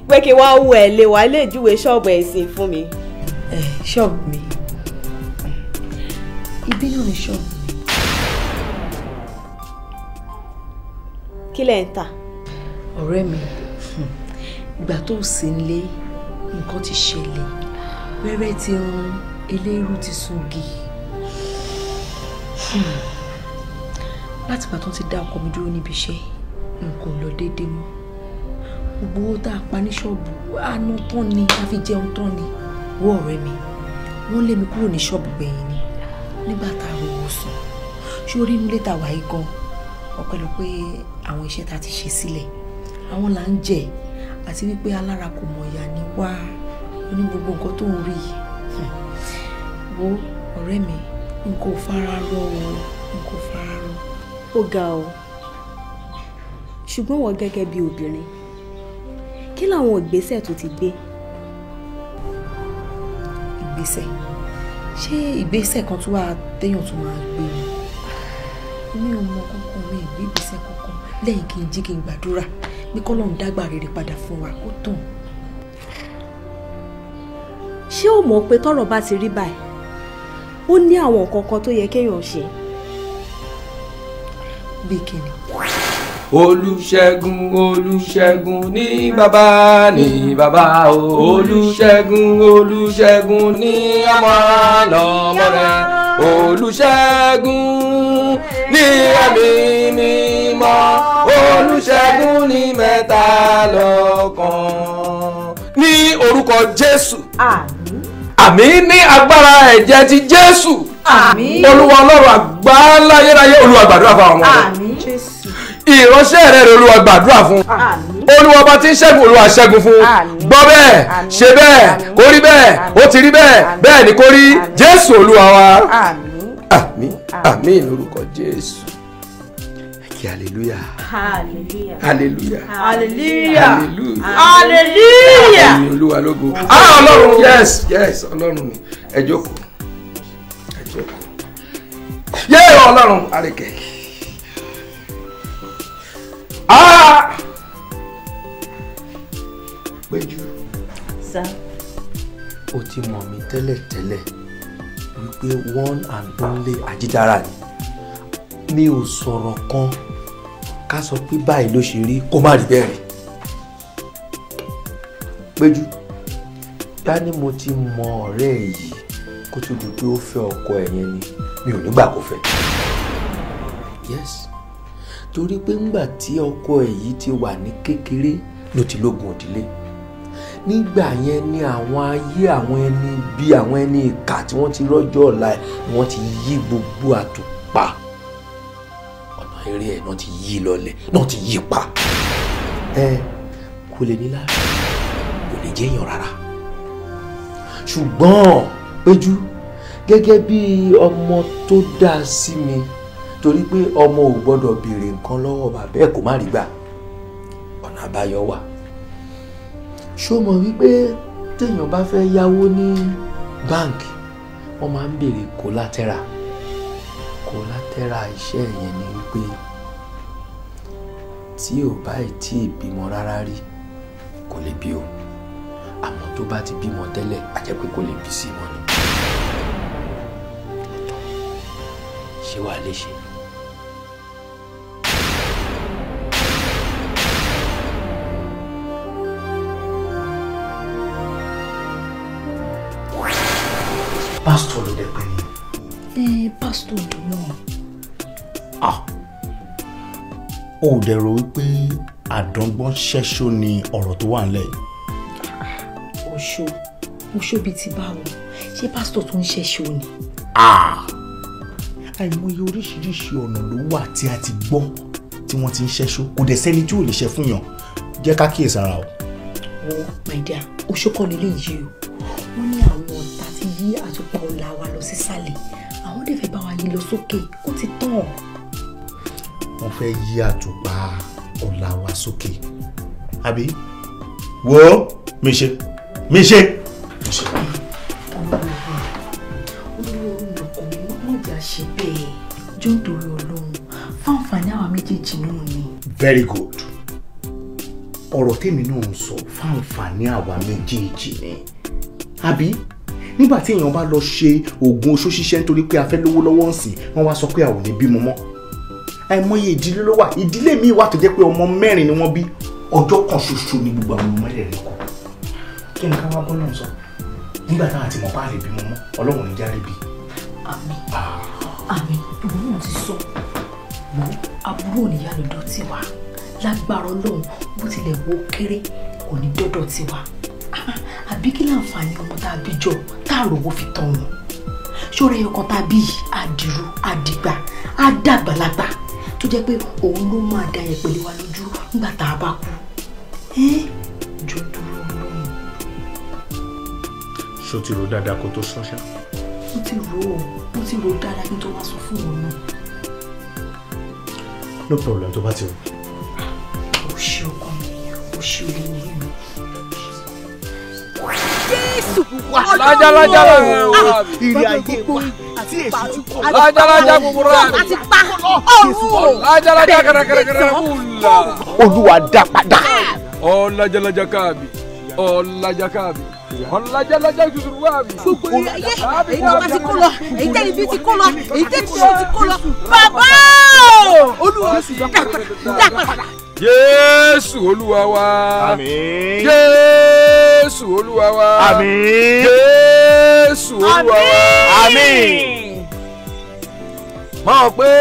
pé kí wọ́n wọ ẹ̀ lé wa lè júwe ṣọ́ọ̀bù ẹ̀ sí fún mi. ẹ ṣọ́ọ̀bù mi ibi náà ni ṣọ́ọ̀bù mi. kí lẹ̀ ń tà. ọ̀rẹ́ mi hmm, ìgbà tó sì ń lé nǹkan ti ṣẹlẹ̀ wẹ́rẹ́ ti run eléérú ti sun hmm. ògì látìgbà ti dá ọkọ mi dúró níbi iṣẹ́ nǹkan lọ déédéé mọ́ gbogbo owó tá a pa ní ṣọ́ọ̀bù àánú tán ni a fi jẹun tán ni wọ́ ọ̀rẹ́ mi wọ́n lé mi kúrò ní ṣọ́ọ̀bù gbẹ̀yìn ni nígbà tá a rówó sùn sórí nílé tá a wà yìí gan ọpẹ́lọpẹ́ àwọn iṣẹ́ tá a ti ṣe sílẹ̀ àwọn là ń jẹ àti wípé alára kò mọ̀ ni wá ní gbogbo nǹkan tó ń rí wo ọ̀rẹ́ mi n kò fara rọ o n kò fara rọ. ó ga ọ ṣùgbọ́n wọ́n gẹ́gẹ́ bí obìnrin kí làwọn ìgbésẹ̀ tó ti gbé. ìgbésẹ̀ ṣé ìgbésẹ̀ kan tó wà téèyàn tó máa gbé ni mi ò mọ kankan mi ìgbé ìgbésẹ̀ kankan lẹ́yìn kí n jí kí n gbàdúrà pé kọ́lọ́run dágbà rere padà fún wa ó tàn ṣé o mọ̀ pé tọ́rọ̀ bá ti rí báyìí ó ní àwọn nǹkan kan tó yẹ kéèyàn ṣe bí kíni. olùṣègùn olùṣègùn ní bàbá ní bàbá o olùṣègùn olùṣègùn ní ọmọ lọmọ rẹ olùṣègùn ní ẹ̀mí mímọ́ olùṣègùn ní mẹ́ta lọ́kan ní orúkọ jésù àmín ní agbára ẹ̀jẹ̀ ti jésù àmín olúwa ọlọ́run àgbà láyérayé olúwa gbàdúrà fún àwọn ọmọ rẹ àmín jésù ìránṣẹ́ rẹ rẹ olúwa gbàdúrà fún àmín olúwa ọba tí ń ṣẹ́gun olúwa ṣẹ́gun fún gbọ́ bẹ́ẹ̀ ṣe bẹ́ẹ̀ kó rí bẹ́ẹ̀ ó ti rí bẹ́ẹ̀ bẹ́ẹ̀ ni kó rí jésù olúwa wa àmín àmín àmín lórúkọ jésù òkè hallelujah. hallelujah. hallelujah. hallelujah. hallelujah. ẹ̀yin olúwa lógo. ah ọlọ́run yes yes ọlọ́run ni ẹ jókòó ẹ jókòó yé ọlọ́run àríkẹ́ ah péjú. sá. o ti mọ̀ mí tẹ́lẹ̀tẹ́lẹ̀ wípé one and only àjídára ni mi ò sọ̀rọ̀ kan ká sọ pé báyìí ló ṣe rí kó má rí bẹ́ẹ̀ rí péjú dá ní mo ti mọ ọ̀rẹ́ ẹ̀ yìí kó tó di pé ó fẹ́ ọkọ ẹ̀ yẹn ni mi ò nígbà kó fẹ́ yes torí pé ńgbà tí ọkọ ẹ̀ yìí ti wà ní kékeré ló ti lógun òdílé nígbà yẹn ni àwọn ayé àwọn ẹni bíi àwọn ẹni ìkà tí wọ́n ti rọ́jọ́ ọ̀la ni wọ́n ti yí gbogbo àtòkù náà ti yí lọlẹ̀ náà ti yí pa ẹ kò lè ní láàrin kò lè jẹ́ èèyàn rárá ṣùgbọ́n péjú gẹ́gẹ́ bí ọmọ tó dáa sí mi torí pé ọmọ ò gbọ́dọ̀ béèrè nǹkan lọ́wọ́ bàbá ẹ̀ kó má rí gbà ọ̀nà àbáyọ wà ṣó mọ̀ wípé téèyàn bá fẹ́ yáwó ní báǹkì wọ́n máa ń béèrè kólátẹ́rà kólátẹ́rà iṣẹ́ yẹn ni wípé tí ò bá ì tí ì bímọ rárá rí kò lè bí o àmọ́ tó bá ti bímọ tẹ́lẹ̀ á jẹ́ pé kò lè bí sí mọ́ ni. ṣé wàá lè ṣe. pásítọ̀ ló dẹ̀ pé ẹ pásítọ̀ ló náà. o ò dẹ̀ rò wípé àdángbọ́n ṣẹ́ṣó ni ọ̀rọ̀ tó wà ńlẹ̀ yìí. oṣó oṣó bíi ti báwo ṣé pásítọ̀ tó ń ṣẹ́ṣó ni. àìmọye oríṣiríṣi ọ̀nà ló wà tí a ti gbọ́ tí wọ́n ti ń ṣẹ́ṣó kò dẹ̀ sẹ́ni tí ò lè ṣe fún yàn jẹ́ ká kíyèsí ara o. wọ́n my dear oṣó kọ́ nílé yìí o wọ́n ní àwọn ọ̀tá ti yí àtùpà ọ̀la wa lọ sísàlẹ̀ àwọn dẹ̀ wọ́n fẹ́ yí àtùpà ọ̀la wa sókè àbí wo mi ṣe very good ọ̀rọ̀ tèmi náà ń sọ fáǹfààní àwa méjèèjì ni àbí nígbà tí èèyàn bá lọ ṣe oògùn oṣó ṣiṣẹ́ nítorí pé a fẹ́ lówó lọ́wọ́ ń sìn wọ́n wá sọ pé a ò ní bímọ mọ́ àìmọye ìdílé ló wà ìdílé mi wà tó jẹ́ pé ọmọ mẹ́rin ni wọ́n bí ọjọ́ kan ṣoṣo ni gbogbo àwọn ọmọ mẹ́rẹ̀ẹ̀rin kọ kí ni ká wá bọ́ lọ́n sọ nígbà táwọn àti mọ̀pá lè bímọ mọ́ ọlọ́run ní jáde bí. àmín àmín ìwọ náà ti sọ mọ àbúrò níyà lọ́dọ̀ tiwa lágbára ọlọ́run bó tilẹ̀ wo kéré kò ní dọ́dọ̀ tiwa àbí kí láǹfààní ọmọ tá a bí jọ tá a rówó fi tọ́ wọn ṣóra ẹyọkan tá a bí yìí àdìrú àdìgbà àdàgbàlagbà tó jẹ́ pé òun ló máa da yẹn pẹ̀lú wa lójú nígbà tá a bá kú jọ dúró lóhùn. ṣó ti rò dáadáa kó tó sọ́ṣà. mo ti rò ó mo ti rò dáadáa kí n tó wá sọ fún òun náà. no problem tó bá ti rò. o ṣe ọkọ mi o ṣe olówó. jésù wà lọ́jọ́ lọ́jọ́ lọ́wọ́ ìrìn àyè wa àti èsì tí kò lọ́jọ́ lọ́jọ́ gbogbo rẹ̀ àti pa ọ̀run lọ́jọ́ lọ́jọ́ kẹrẹkẹrẹkẹrẹ wùlà. olúwa dá padà. Ah! ọ̀làjà lọ́jà káàbì ọ̀làjà káàbì ọ̀làjà lọ́jà tuntun wà mí. gbogbo ayé èyí tó bá ti kó lọ èyí tẹ́ ibi ti kó lọ èyí tẹ́ kùsù ti kó lọ bàbá olúwa dá padà dá padà. jésù olúwa wa àmín jésù jésù olúwa wa àmín jésù olúwa wa àmín mọ̀ pé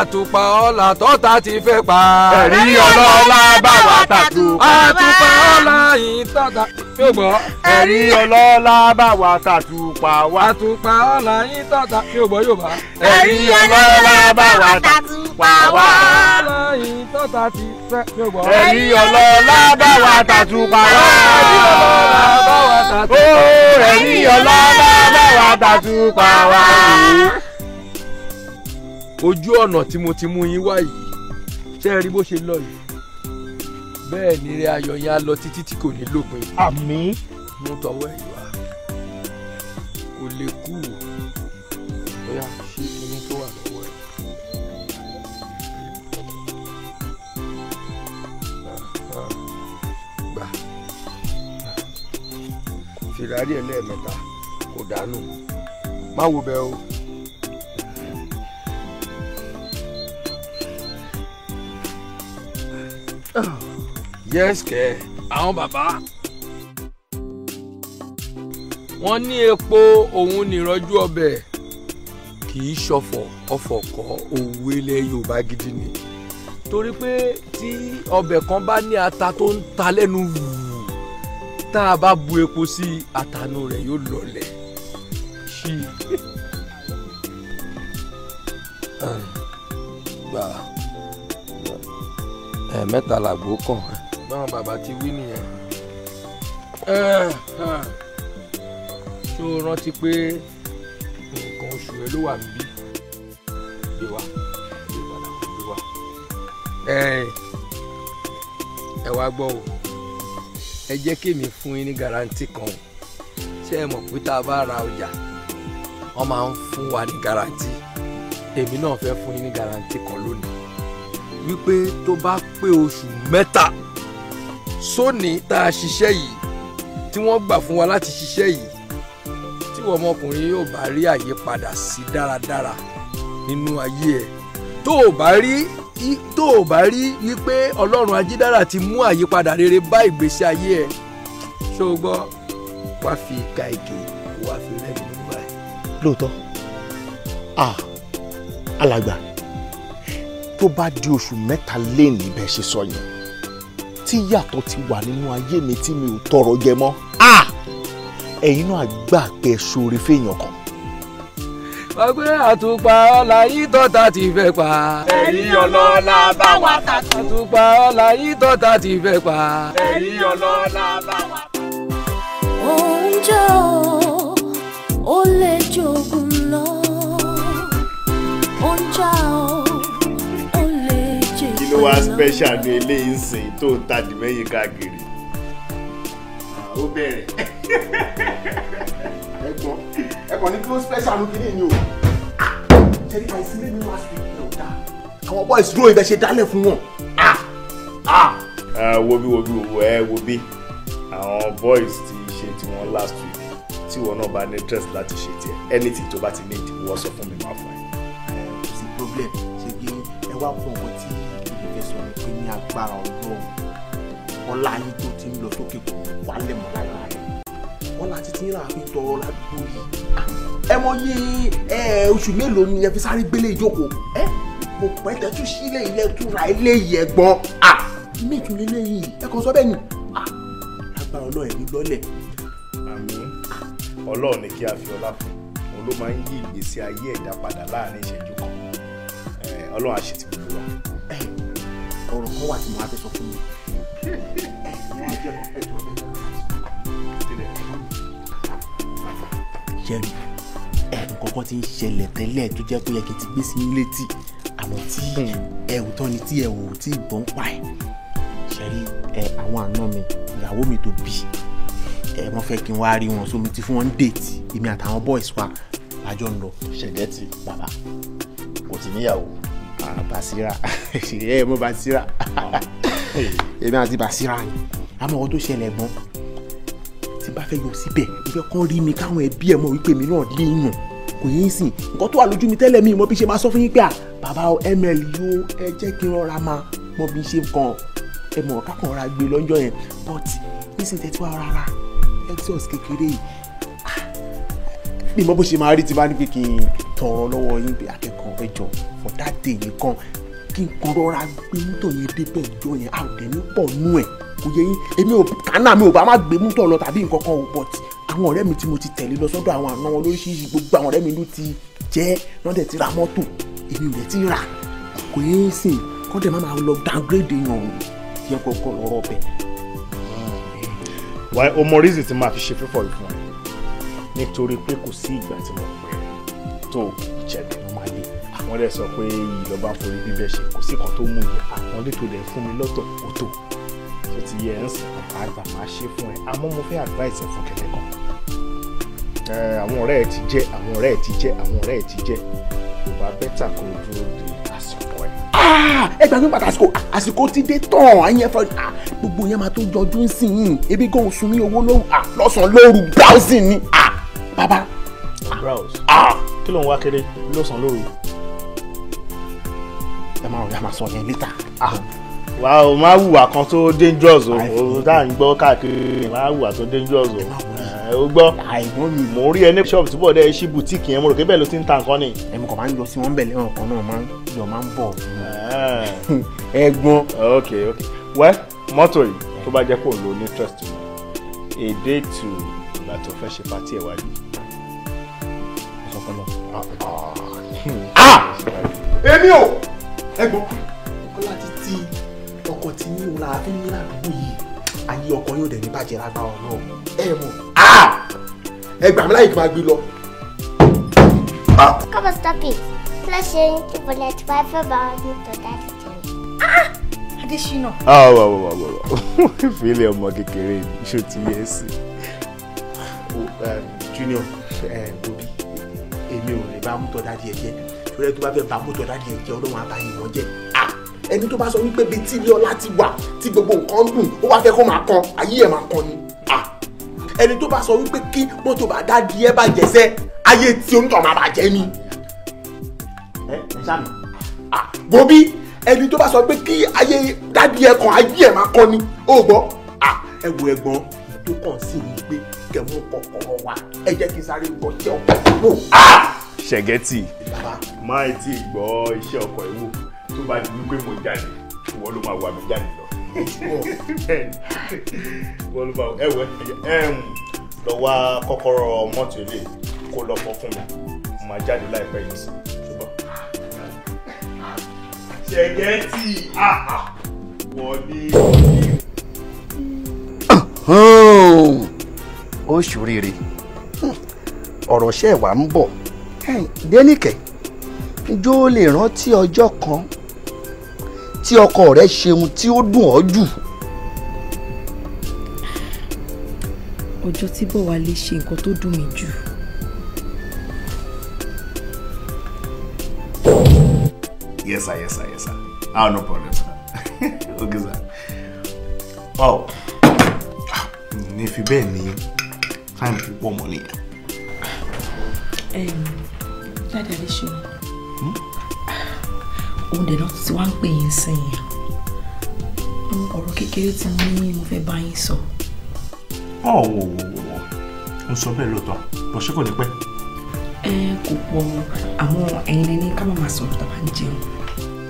àtùpà ọ̀la tọ́ta ti fẹ́ pa. ẹ̀rí ọlọ́lá bá wa tàtùpà. àtùpà ọ̀la yìí tọ́ta tí gbọ́. ẹ̀rí ọlọ́lá bá wa tàtùpà wa. àtùpà ọ̀la yìí tọ́ta tí gbọ́ yóò bá. ẹ̀rí ọlọ́lá bá wa tàtùpà wa. ẹ̀rí ọlọ́lá bá wa tàtùpà wa. ẹ̀rí ọlọ́lá bá wa tàtùpà wa. ẹ̀rí ọlọ́lá bá wa tàtùpà wa ojú ọ̀nà tí mo ti mú yín wá yìí ṣé rí bó ṣe lọ yìí bẹ́ẹ̀ ni eré ayọ̀ yẹn á lọ títí tí kò ní lópin. àmín. mo tọwọ́ ẹ̀ wá kò lè kú o bóyá ṣé kinní tó wà lọ́wọ́ fìràrí ẹ̀ lẹ́ẹ̀mẹ́ta kò dànù má wo bẹ́ẹ̀ o. yes kẹ àwọn bàbá wọ́n ní epo òun nìrọ̀jú ọbẹ̀ kì í ṣọ̀fọ̀ ọ̀fọ̀ kọ́ òwe ilẹ̀ Yorùbá gidi ni torí pé tí ọbẹ̀ kan bá ní ata tó ń ta lẹ́nu wù tá a bá bu epo sí àtànú rẹ̀ yóò lọlẹ̀ ṣí i ẹ̀ẹ̀mẹ́ta eh, làgbo kàn báwọn bàbá ti wí nìyẹn ṣó rántí pé nǹkan oṣù rẹ ló wà níbí gbé wa gbé wa wa eh, ẹ wá gbọ́ o ẹ jẹ́ kémi fún yín ní garanti kan ṣé ẹ mọ̀ pé tá a bá ra ọjà wọ́n máa ń fún wa ní garanti èmi náà fẹ́ fún yín ní garanti kan lónìí wípé tó bá pé oṣù mẹ́ta sóní tá a ṣiṣẹ́ yìí tí wọ́n gbà fún wa láti ṣiṣẹ́ yìí tí ọmọkùnrin yóò bá rí àyípadà sí dáradára nínú ayé ẹ̀ tó o bá rí tó o bá rí wípé ọlọ́run ajídára ti mú àyípadà rere bá ìgbésí ayé ẹ̀ ṣó o gbọ́ wá fi ìka èké wá fi rẹ́ẹ̀dì nígbà ẹ̀. lóòótọ́ ah alàgbà tó bá di oṣù mẹ́ta léèní bẹ́ẹ̀ ṣe sọ yẹn tí yàtọ̀ ti wà nínú ayé mi tí mi ò tọrọ jẹ mọ́ ẹ̀yin náà gbà pé ṣoore fèèyàn kan. ọgbẹ́ àtùpà ọ̀la yìí tọ́ta ti fẹ́ pa. ẹ̀yin ọlọ́lá bá wa tàkù. àtùpà ọ̀la yìí tọ́ta ti fẹ́ pa. ẹ̀yin ọlọ́lá bá wa tàkù. oúnjẹ ó lè jogun lọ oúnjẹ ó ló wá special ní eléyìí sìn tó ń tàdí mẹ́yìn káàkiri. ó bẹ̀rẹ̀ ẹ̀gbọ́n ẹ̀gbọ́n ní kí ló special ló kí ní ìyẹn o ah! ṣe ní àìsílẹ ní wàá sí ìpínlẹ̀ ọdà àwọn boys dúró ibẹ̀ ṣe dálẹ̀ fún wọn. Ah! Ah! wo bí wo bí wo ẹ wo bí àwọn boys ti ṣe tiwọn last week tí wọn náà bá ní dress, láti ṣe tiẹ̀ anything tó bá ti need wọ́n sọ fún mi máa fún ẹ. Eh, kò sí problem ṣe gbé ẹ wá pọ̀ ní agbára ọlọ́run ọlá yín tó ti ń lọ sókè kò wálẹ̀ mọ́ láéláé ọlá títí yín làá fi tọrọ ládùúgbò yìí ẹ mọ yé oṣù mélòó ni ẹ fi sáré gbélé ìjókòó ẹ mo pẹ́ tẹ́tú sílé ilé túra ilé yìí ẹ̀gbọ́n à mí ìtúlẹ̀ lẹ́yìn ẹ kàn sọ bẹ́ẹ̀ ni agbára ọlọ́run ẹ̀mí lọ́lẹ̀. àmín ọlọ́run ni kí a fi ọlá fún òun ló máa ń yí ìgbésí ayé ẹ̀dá padà láàrin ìṣẹ́jú kan ọlọ́run àṣetì gbogbo wa ọ̀rọ̀ kan wà tí mo wá fẹ́ sọ fún mi. ṣẹ́ni ẹ̀rù kọ́kọ́ ti ń ṣẹlẹ̀ tẹ́lẹ̀ tó jẹ́ pé yẹ kí n ti gbé sí létí àmọ́ tí ẹ̀rù tán ni tí ẹ̀rù ò tí gbọ́n pa ẹ̀ ṣẹ́ni ẹ̀ àwọn àna mi ìyàwó mi tó bí ẹ̀ wọ́n fẹ́ kí n wá rí wọn sómi tí fún wọn ń déètì èmi àtàwọn boys wa lájọ ń lọ. ṣèdẹ́tì bàbá kò tí níyàwó. Ah, Basira ẹ [LAUGHS] eh, mọ̀ Basira ah. èmi àti Basira ni àmọ́ ọkọ tó ṣẹlẹ̀ gan tí bá fẹ́ yọ síbẹ̀ ìfẹ́ kan rí mi káwọn ẹbí ẹ̀ mọ̀ wípé mi náà léèyàn kò yé sìn nǹkan tó wà lójú mi tẹ́lẹ̀ mi mọ̀ bí ṣe máa sọ fún yín pé à ah, bàbá ml yóò ẹ jẹ́ kí n rọra máa mọ̀ bí ṣe kàn ẹ mọ̀ kákan rà gbé lọ́jọ́ yẹn but nísìnyí tẹ́tí wà rárá exos kékeré yìí mi bó ṣe máa rí ti bá ní pé kí n tọrọ lọ́wọ́ yín bí akẹ́kọ̀ọ́ ẹjọ́ for that day yẹn kan kí n kàn rọra gbé mọ́tò yẹn débẹ̀ ìjọ yẹn a ò dẹ̀ ní pọ̀ nú ẹ̀ kò yẹ yín èmi ò kánà mi ò bá má gbé mọ́tò lọ tàbí nǹkan kan ò but àwọn ọ̀rẹ́ mi tí mo ti tẹ̀lé lọ sọ́dọ̀ àwọn àna wọn lóríṣiríṣi gbogbo àwọn ọ̀rẹ́ mi ló ti jẹ́ lọ́n dẹ̀ ti ra mọ́tò èmi ò dẹ̀ ti rà kò yẹ yín sìn kọ́ dẹ̀ máa lọ downgrade yàn ò yẹ kọ́kọ́ lọ́rọ̀ bẹ́ẹ̀. wàá ọmọ reason ti máa fi ṣe fífọ̀ ìfún ẹ nítorí pé kò sí ìgbà tí mo pè é tó jẹ̀bẹ̀ ló àwọn rẹ̀ sọ pé ìjọba forí bíbẹ̀ ṣe kò sí kan tó mú yẹ àwọn lè tó lẹ̀ fún mi lọ́tọ̀ kó tó tó ti yẹ ń sìn àgbà àgbà máa ṣe fún ẹ àmọ́ mo fẹ́ advice fún kẹ̀kẹ́ kan eh, àwọn ọ̀rẹ́ ẹ ti jẹ́ àwọn ọ̀rẹ́ ẹ ti jẹ́ àwọn ọ̀rẹ́ ẹ ti jẹ́ kò bẹ́tà kó dúró de àsìkò ẹ. Ah! ẹ gbàgbé pàtàkì àsìkò ti dé tán àyẹn fọ ah, gbogbo yẹn máa tó jọjú ń sìn ebi gan oṣù ní owó lóru ah, lóru browsing ni bàbá. browse ah! Ah! kí ló ń wá kiri lọ́sàn-án lóru. ẹ máa rọ ya máa sọ yẹn níta. Ah! wà á máa hùwà kan tó dangerous o òun tá à ń gbọ́ káàkiri máa hùwà tó dangerous o o gbọ́ mo rí ẹni shop tí bọ̀dẹ̀ ṣí boutique yẹn mo rò pé bẹ́ẹ̀ ló ti ń ta nǹkan ni. ẹ̀mí kan máa ń lọ sí wọn bẹ̀lẹ̀ ọ̀kan náà máa ń lọ máa ń bọ̀ eh. [LAUGHS] ẹ̀gbọ́n. ok ok well mọ́tò yìí tó bá jẹ́ kó o lo ní trust me a day to ìgbà tó fẹ́ ṣe pàtí ẹ̀wájú. Ah! Ah! èmi ò ẹ̀gbọ́n ọkọ láti ti ọkọ tí ní òun láàfin ní ládùúgbò yìí ayé ọkọ yóò dẹ̀ ní bàjẹ́ lágbára Ọlọ́run ẹ mọ̀ mi ah! gbà mí láyè kí n máa gbé lọ. come on stop it flashing people let my phone bá mi tó dájú jẹ. Adésínà. ah wà wà wà wà wà ìfìlẹ̀ ọmọ kékeré iṣó ti sí. Oh, um, junior bobi um, èmi ò lè bá mọ́tò dádì ẹ jẹ́ torí ẹ tó bá fẹ́ bá mọ́tò dádì ẹ jẹ́ ọlọ́run àbáyé yàn jẹ́ ẹni tó bá sọ wípé bíi tí ilé ọlá ti wà tí gbogbo nǹkan dùn ó wá fẹ́ kó máa kan ayé ẹ̀ máa kan ni ẹni tó bá sọ wípé kí mọ́tò bá dádì ẹ bàjẹ́ sẹ́ ayé tí onítọ̀ máa bàjẹ́ ni. ẹ ẹ sáà mi. gobi ẹni tó bá sọ pé kí ayé dádì ẹ kan ayé ẹ máa kọ ni ó gbọ́ ẹ wo ẹ̀gbọ́n tó kàn sí ni pé kẹmú kọ́kọ́rọ́ wa ẹ jẹ́ kí n sáré gbọ́ iṣẹ́ ọkọ̀ ìwò. Ah! Ah! ṣẹ̀gẹ́tì máa ti gbọ́ iṣẹ́ ọkọ̀ ìwò tó bá di wípé mo jáde ìwọ ló máa wà mí jáde lọ. [LAUGHS] ìwọ ló máa ẹwẹ lọ wá kọ́kọ́rọ́ mọ́tò ilé kó lọ fọ fún mi mo máa jáde láìpẹ́ yìí sí ṣẹ̀gẹ́tì ah, wọ́n ní. Oh ó ṣoríire hmm. ọ̀rọ̀ ṣe wà ń bọ̀ hmm. dénìkẹ́ njó lè rántí ọjọ́ kan tí ọkọ rẹ ṣeun tí ó dùn ọ́ jù. ọjọ́ tí Bọ̀wálé ṣe nǹkan tó dùn mí jù. Yes, sir. Yes, sir. Ah, no problem, sir. [LAUGHS] okay, sir. Wow. Ah, ní fi bẹ́ẹ̀ ni time púpọ̀ mọ́ nìyẹn. dáadáa lè ṣe òun dẹ̀ náà ti wá ń pè yín sí yẹn ọ̀rọ̀ kékeré tí mo ní buying so? Oh, yín sọ. ọ̀ wò wò wò wò ń sọ bẹ́ẹ̀ lóòótọ́ bọ̀ ṣé kò to come ẹ kò pọ̀ àwọn ẹ̀yin ẹni ká má máa sọ̀rọ̀ tá a bá ń jẹun.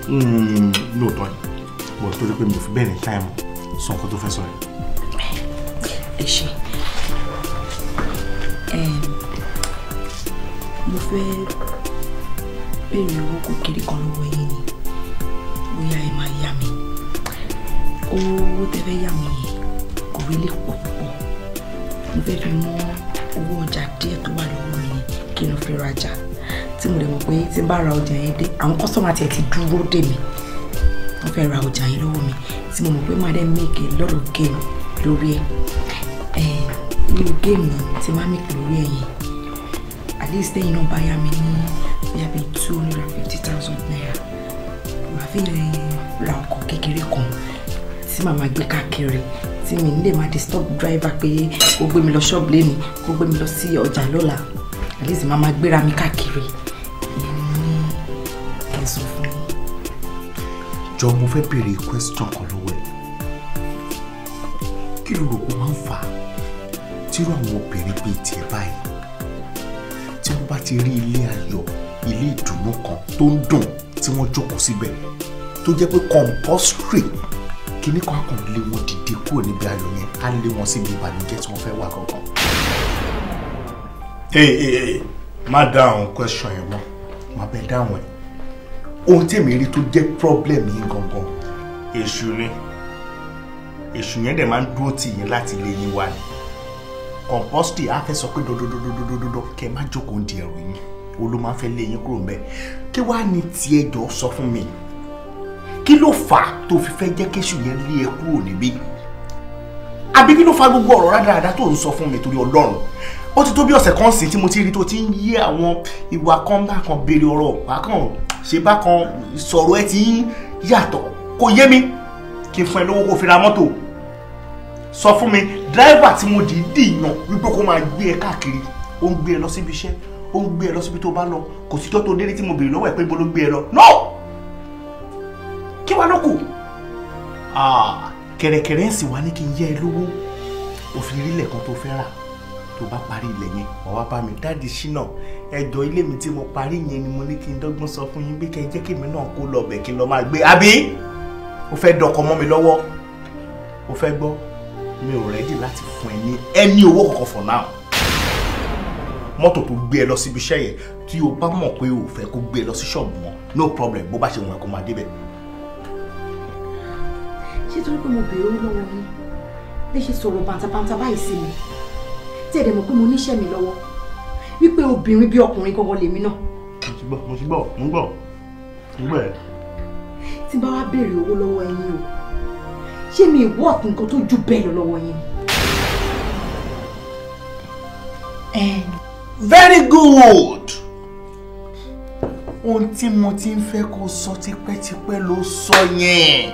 Hmm, lóòótọ́ yìí bọ̀ torí pé mi mo fẹ́ béèrè owó kékeré kan lọ́wọ́ yín ni bóyá ẹ máa yá mi owó tẹ fẹ́ yá mi yìí kò rí lè pọ̀ púpọ̀ mo fẹ́ fi mọ́ owó ọjà díẹ̀ tó wà lọ́wọ́ mi kí n fi rajà tí mo lè mọ̀ pé tí n bá ra ọjà yẹn dé àwọn kọ́sọ́mà tiẹ̀ ti dúró dè mí wọ́n fẹ́ ra ọjà yẹn lọ́wọ́ mi tí mo mọ̀ pé máa dẹ́ make a lot lórí ẹ̀ ẹ̀ nínú géèmù tí máa make lórí ẹ̀ yẹn at least tẹ́yìn náà bá yá mi ní bóyá bíi two hundred fifty thousand naira màá fi lè ra ọkọ̀ kékeré kan tí màá máa gbé káàkiri tí mi nílé máa disturb driver pé kó gbé mi lo ṣọ́ọ̀bù lẹ́nu kó gbé mi lo sí ọjà lọ́la at least màá máa gbéra mi káàkiri ìyẹn ni kí n sọ fún mi. jọ mo fẹ́ béèrè question kan lọ́wọ́ ẹ̀ kí ló rò ó máa ń fà á tírú àwọn obìnrin bíi tiẹ̀ báyìí ti rí ilé ayọ̀ ilé ìdùnnú kan tó ń dùn tí wọ́n jókòó síbẹ̀ tó jẹ́ pé compulsory kíní kan kàn lé wọn dìde kúrò níbi ayọ̀ yẹn á lé wọn síbi ìbànújẹ́ tí wọ́n fẹ́ wà gangan. ee ee má dá àwọn question yẹn mọ́ má bẹ dáhùn ẹ̀ ohun tèmi rí tó jẹ́ problem yín gangan èṣù ni èṣù yẹn dẹ̀ máa ń dúró tì yín láti lé yín wá ni kọ̀ǹpọ́sítì á fẹ́ sọ pé dọ́dọ́dọ́dọ́dọ́dọ́ kẹ́ ẹ má jókòó di ẹrù yín olú máa fẹ́ lé yín kúrò ńbẹ̀ kí wàá ní tiẹ̀ jọ sọ fún mi kí ló fà á tó fi fẹ́ jẹ́ kéṣù yẹn lé ẹ kúrò níbí àbí kí ló fa gbogbo ọ̀rọ̀ rádaràda tó ń sọ fún mi torí ọlọ́run ó ti tó bí ọ̀sẹ̀ kan sìn tí mo ti rí tó ti ń yí àwọn ìwà kan bá kan béèrè ọ̀rọ̀ bákan ṣe bákan sọ̀rọ̀ ẹ ti ń yàtọ̀ kò yé mi kí n fún ẹ lówó kó fi ra mọ́tò sọ fún mi dírẹ́fà tí mo dìídì yàn wípé kó máa gbé ẹ káàkiri ó ń gbé ẹ lọ síbi iṣẹ́ ó ń gbé ẹ lọ síbi tó bá lọ kò sí tó tó délé tí mo béèrè lọ́wọ́ ẹ pé ibo ló gbé ẹ lọ no kí wàá lóko kẹ̀rẹ̀kẹ̀rẹ̀ ń sì wá ní kí n yẹ ẹ lówó òfin ilẹ̀ kan tó fẹ́ rà tó bá parí ilẹ̀ yẹn wà wá bá mi dáàdi ṣínà ẹjọ́ ilé mi tí mo parí yẹn ni mo ní kí n dọ́gbọ́n sọ fún yín pé kẹ́ ẹ jẹ́ kémi náà kó lọ bẹ̀ kí n lọ máa gbé àbí ó fẹ́ dọkọ mọ́ mi lọ́wọ́ ó fẹ́ gbọ́ mi ò rẹ́dì láti fún ẹ ní ẹni owó kankan for now mọ́tò tó gbé ẹ lọ síbi iṣẹ́ yẹn tí o bá mọ̀ pé o fẹ́ kó gbé ẹ e lọ sí ṣọ́ọ̀bù wọn no problem bó bá ṣe wọn kó máa débẹ̀. ṣé torí pé mo bèrè owó lọ́wọ́ yín lè ṣe sọ̀rọ̀ bàǹtàbàǹtà báyìí sí mi tí ẹ̀dẹ̀ mọ̀ pé mo níṣẹ́ mi lọ́wọ́ wípé obìnrin bí ọkùnrin gangan lèmi náà. mo ti gbọ́ mo ti gbọ́ mo ń gbọ́ mo ń gbọ́ ẹ̀. tí bá wá béèrè owó lọ́wọ́ ẹ̀yin o ṣé mi wọ́ọ̀tì nǹkan tó jù bẹ́ẹ̀ lọ lọ́wọ́ yín. very good ohun tí mo ti ń fẹ́ kó sọ tipẹ́tipẹ́ ló sọ yẹn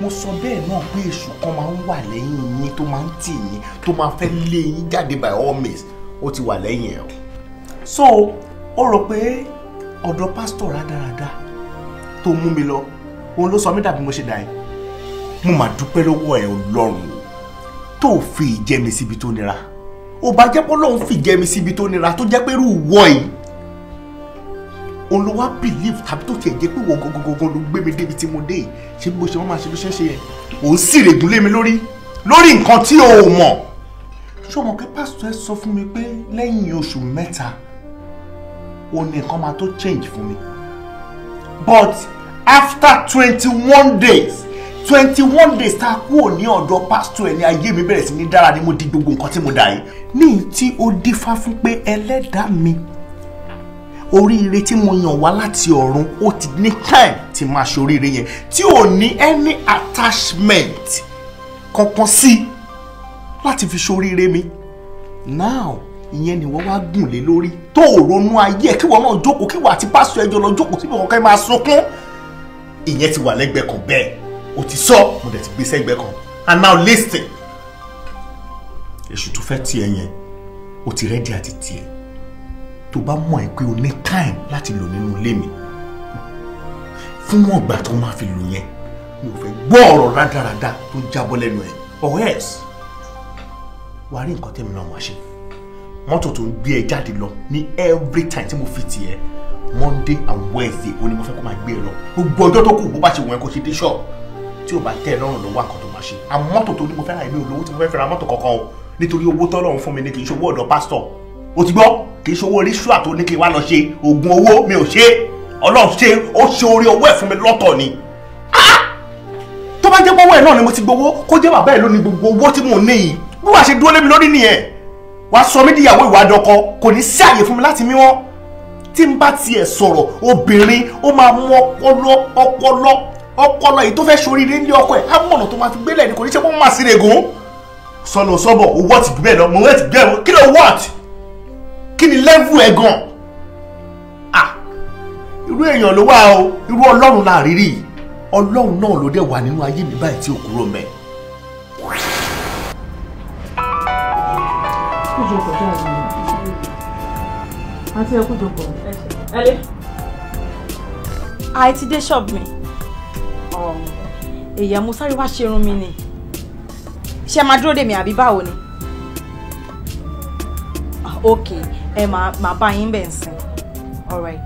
mo sọ bẹ́ẹ̀ náà pé èṣù kan máa ń wà lẹ́yìn yín tó máa ń tì yín tó máa fẹ́ lé yín jáde by all means ó ti wà lẹ́yìn ẹ̀ so ó rò pé ọ̀dọ̀ pásítọ̀ rádaràda tó mú mi lọ òun ló sọ mí dàbí mo ṣe dà yín mo mà dúpẹ́ lọ́wọ́ ẹ ọlọ́run tó fi ìjẹ́ mi síbi tó nira ò bá jẹ́ pé ọlọ́run fi ìjẹ́ mi síbi tó nira tó jẹ́ pé irú wọ yìí òun ló wá believe tàbí tó tiẹ̀ jẹ́ pé wọ́n gangan ló gbé mi débi tí mo dé yìí ṣé bí mo ṣe wọ́n máa ṣe ló ṣe é ṣe yẹn òun sì règùn lé mi lórí lórí nǹkan tí o mọ̀ ṣé o mọ̀ pé pásítọ̀ ẹ sọ fún mi pé lẹ́yìn oṣù mẹ́ta òun nìkan máa tó change fún mi but after twenty one days twenty one days tá a kúrò ní ọ̀dọ̀ pásítọ̀ ẹni ayé mi bẹ̀rẹ̀ sí ní dára ni mo di gbogbo nǹkan tí mo dà yìí ní tí ó dífá fún pé ẹlẹ́dàá mi oríire tí mo yàn wá láti ọ̀run ó ti ní time ti máa ṣe oríire yẹn tí ò ní any attachment kankan sí láti fi ṣe mi now ìyẹn ni wọ́n wá gùn lé lórí tó ronú ayé kí wọ́n náà jókòó kí wọ́n àti pásítọ̀ ẹjọ́ lọ jókòó síbi kankan máa sunkún ìyẹn ti wà lẹ́gbẹ̀ẹ́ kan bẹ́ẹ̀ o ti sọ mo dẹ̀ ti gbé sẹ́gbẹ̀ẹ́ kan and now listen èṣù tó fẹ́ tiẹ̀ yẹn o ti rẹ́dí àti tiẹ̀ tó bá mọ̀ ẹ́ pé o ní time láti lò nínú ilé mi fún wọn gbà tó máa fi lò yẹn mi ò fẹ́ gbọ́ ọ̀rọ̀ rádaràda tó jábọ́ lẹ́nu ẹ̀ or else wàá rí nǹkan tẹ́mi náà wá ṣe mọ́tò tó ń gbé ẹ jáde lọ ní every time tí mo fi tiẹ̀ monday and wednesday ó ní mo fẹ́ kó máa gbé ẹ e lọ gbogbo ọjọ́ tó kù bó bá ṣe wọ̀nyẹn kó ṣe dé ṣọ́ọ̀bù tí o bá tẹ́ ẹ lọ́rùn lọ́wọ́ àkọ́tọ̀ máa ṣe àmọ́ mọ́tò tó ní mo fẹ́ ra èmi olówó tí mo fẹ́ fẹ́ ra mọ́tò kankan o nítorí owó tọ́lọ́run fún mi ni kì í ṣe owó ọ̀dọ̀ pásítọ̀ o ti gbọ́ kì í ṣe owó ríṣùà tó ní kí n wá lọ ṣe oògùn owó mi ò ṣe ọlọ́run ṣe ó ṣe orí owó ẹ̀ fún mi lọ́tọ̀ ni ah! tó bá jẹ́ pọ́wọ́ ẹ̀ náà ni mo ti gbowó kó jẹ́ bàbá ẹ̀ lónìí gbogbo owó tí mo ní yìí bí wàá ṣe dúró lé mi lórí nìyẹn wàá sọ mí díyàwó ìwà àdọkọ kò ní sí àyè fún mi láti mí wọn tí n bá tiẹ̀ sọ̀rọ̀ obìnrin ó máa mú ọpọlọ ọpọlọ ọpọlọ èyí tó fẹ́ ṣoríire nílé ọkọ ẹ̀ á mọ̀nà tó máa fi gbélẹ̀ ní kò ní ṣe wọ́n máa sí rego sọlọ sọbọ owó ti gbẹ lọ mọ owó ti gbẹ lọ kí ló wọ́t kí ni lẹ́vù ẹ̀ gan ah irú èèyàn ló wà o irú ọlọ́run la rírí ọlọ́run náà ló dẹ̀ wà nínú ayé mi báyìí tí ò kúrò mẹ́. kójọpọ̀ dáa ni àti ẹ Ẹlé. Àì ti dé ṣọ́ọ̀bù mi. Èyà um, mo sáré wá ṣerun mi ni. Ṣé máa dúró dè mí àbí báwo ni? Ah, ok, ẹ máa ma yín bẹ̀ ń sìn. All right,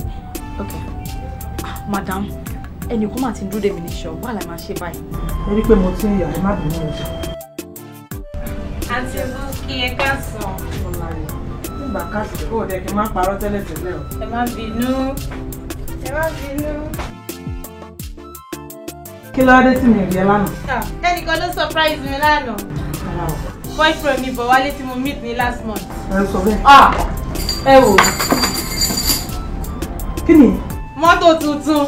ok. Ah, madam, eni kó máa ti dúró dè mí ní ṣọ́ọ̀bù. Wàhálà máa ṣe báyìí. Ẹ rí i pé mo ti ń yà ẹ má bínú ẹ jù. Àǹtí Bukky, ẹ gbà káàsì kó o dẹ kí n má parọ́ tẹ́lẹ̀ tẹ́lẹ̀ o. ẹ má bínú ẹ má bínú. kí ló dé tí mi rí ẹ lánàá. ẹnìkan ló surprise mi lánàá. boyfriend mi bọ̀ wálé tí mo meet ní last month. ẹ sọ bẹ́ẹ̀. ẹ wò. kí ni. mọ́tò tuntun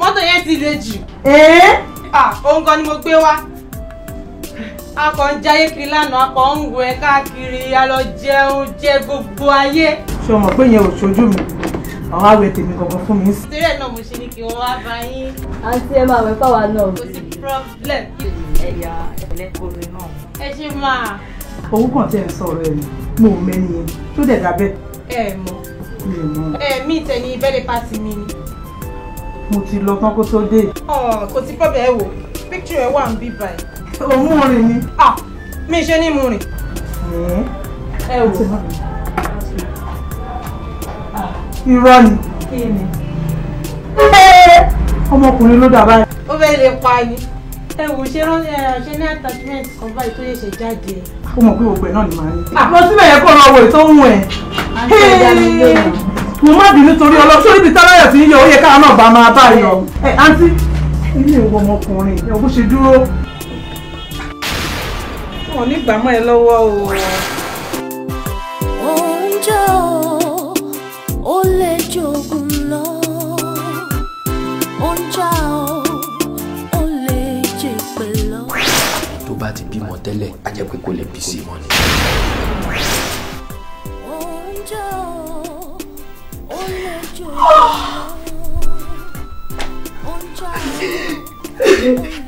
mọ́tò yẹn ti le jù. ẹ̀ẹ́. òun gan ni mo gbé wá akọ̀ ń jayé kiri lánàá akọ̀ ń wọ ẹ káàkiri alọ jẹun jẹ gbogbo ayé. ṣé o mọ̀ pé yẹn ò ṣojú mi ọ̀hún àwẹ̀ tèmi gangan fún mi. sílẹ̀ náà mo ṣe ní kí wọ́n wá bá yín. àǹtí ẹ máa wẹ̀ fáwa náà. kò sí problem. ẹ̀yà ẹ̀lẹ́kọ̀ọ́rẹ́ náà. ẹ ṣe máa. owó kan tẹ̀ ń sọ̀rọ̀ ẹ̀ mo ò mẹ́ni yẹn tó dẹ̀ dábẹ́. ẹ mọ̀ ẹ mi tẹ̀lé birthday party mi ni. mo ti lọ tán kó tó dé. kò sí problem ẹ wò picture ẹ wà ń bí báyìí ò mú rìn ni. Ah, mi ṣe ní mú rìn. Hmm. ẹ wò. irọ́ ni. kí ni. ọmọkùnrin ló dà báyìí. ó fẹ́ lè pa ni ẹ wò ṣe rán ṣe ní attachment kan báyìí tó yẹ ṣe jáde. ó mọ̀ pé ògbẹ́ náà ni màá ní. àpò ah. síbẹ̀ yẹn kó lọ wò tó ń wẹ̀. mo má bínú torí ọlọ́run sórí ibi táláyọ̀ tí ń yọ ó yẹ káwọn náà bá máa bá yọ. ẹ eh, eh. àǹtí ilé ìwọ ọmọkùnrin ẹ̀ bó ṣe dúró wọn ò ní gbà mọ́ ẹ lọ́wọ́ o. oúnjẹ ò lè jogun lọ oúnjẹ ò lè jẹ pẹ̀lọ. tó bá ti bímọ tẹ́lẹ̀ a jẹ́ pé kò lè bí sí i mọ́ ni. oúnjẹ ò lè jogun lọ oúnjẹ ò lè.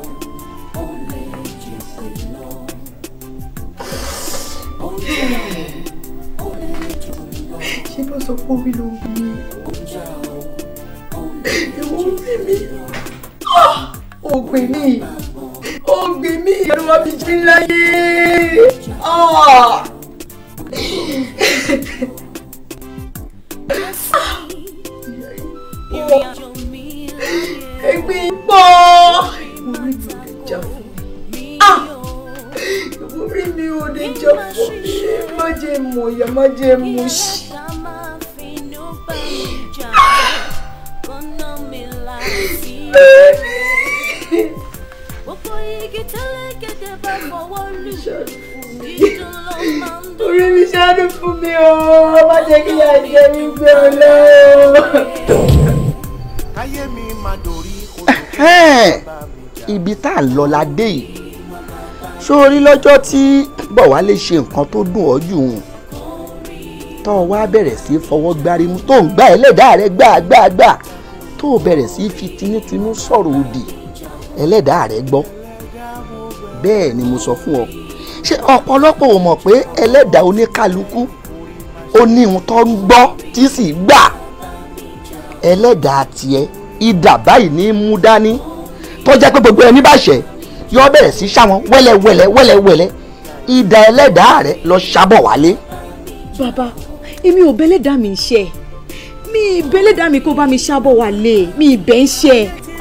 sọ pé orí ló ń bí ìwọ ń bí mi ògbìn ah! mi ògbìn mi ìyẹn ló wá fi jí láyé. Ah! ń lọ ládé yìí sórí lọ́jọ́ tí bọ̀wálé ṣe nǹkan tó dùn ọ́ jù hùn tó wá bẹ̀rẹ̀ sí fọwọ́ gbárí mu tó ń gbá ẹlẹ́dàá rẹ gbà gbà gbà tó bẹ̀rẹ̀ sí fi tinútinú sọ̀rọ̀ òdì ẹlẹ́dàá rẹ gbọ́ bẹ́ẹ̀ ni mo sọ fún ọ ṣé ọ̀pọ̀lọpọ̀ ò mọ̀ pé ẹlẹ́dàá oníkálukú ó ní ohun tó ń gbọ́ tí sì gbà ẹlẹ́dàá tiẹ̀ idà báyìí ní í mú dání tó jẹ́ pé gbogbo ẹni bá ṣẹ̀ yọ bẹ̀rẹ̀ sí ṣá wọn wẹ́lẹ́wẹ́lẹ́ wẹ́lẹ́wẹ́lẹ́ ìdá ẹlẹ́dàá rẹ lọ ṣàbọ̀ wálé. bàbá èmi ò bẹ́lẹ́dàá mi ṣe mi bẹ́lẹ́dàá mi kó bá mi ṣàbọ̀ wálé mi ìbẹ̀ ń ṣe.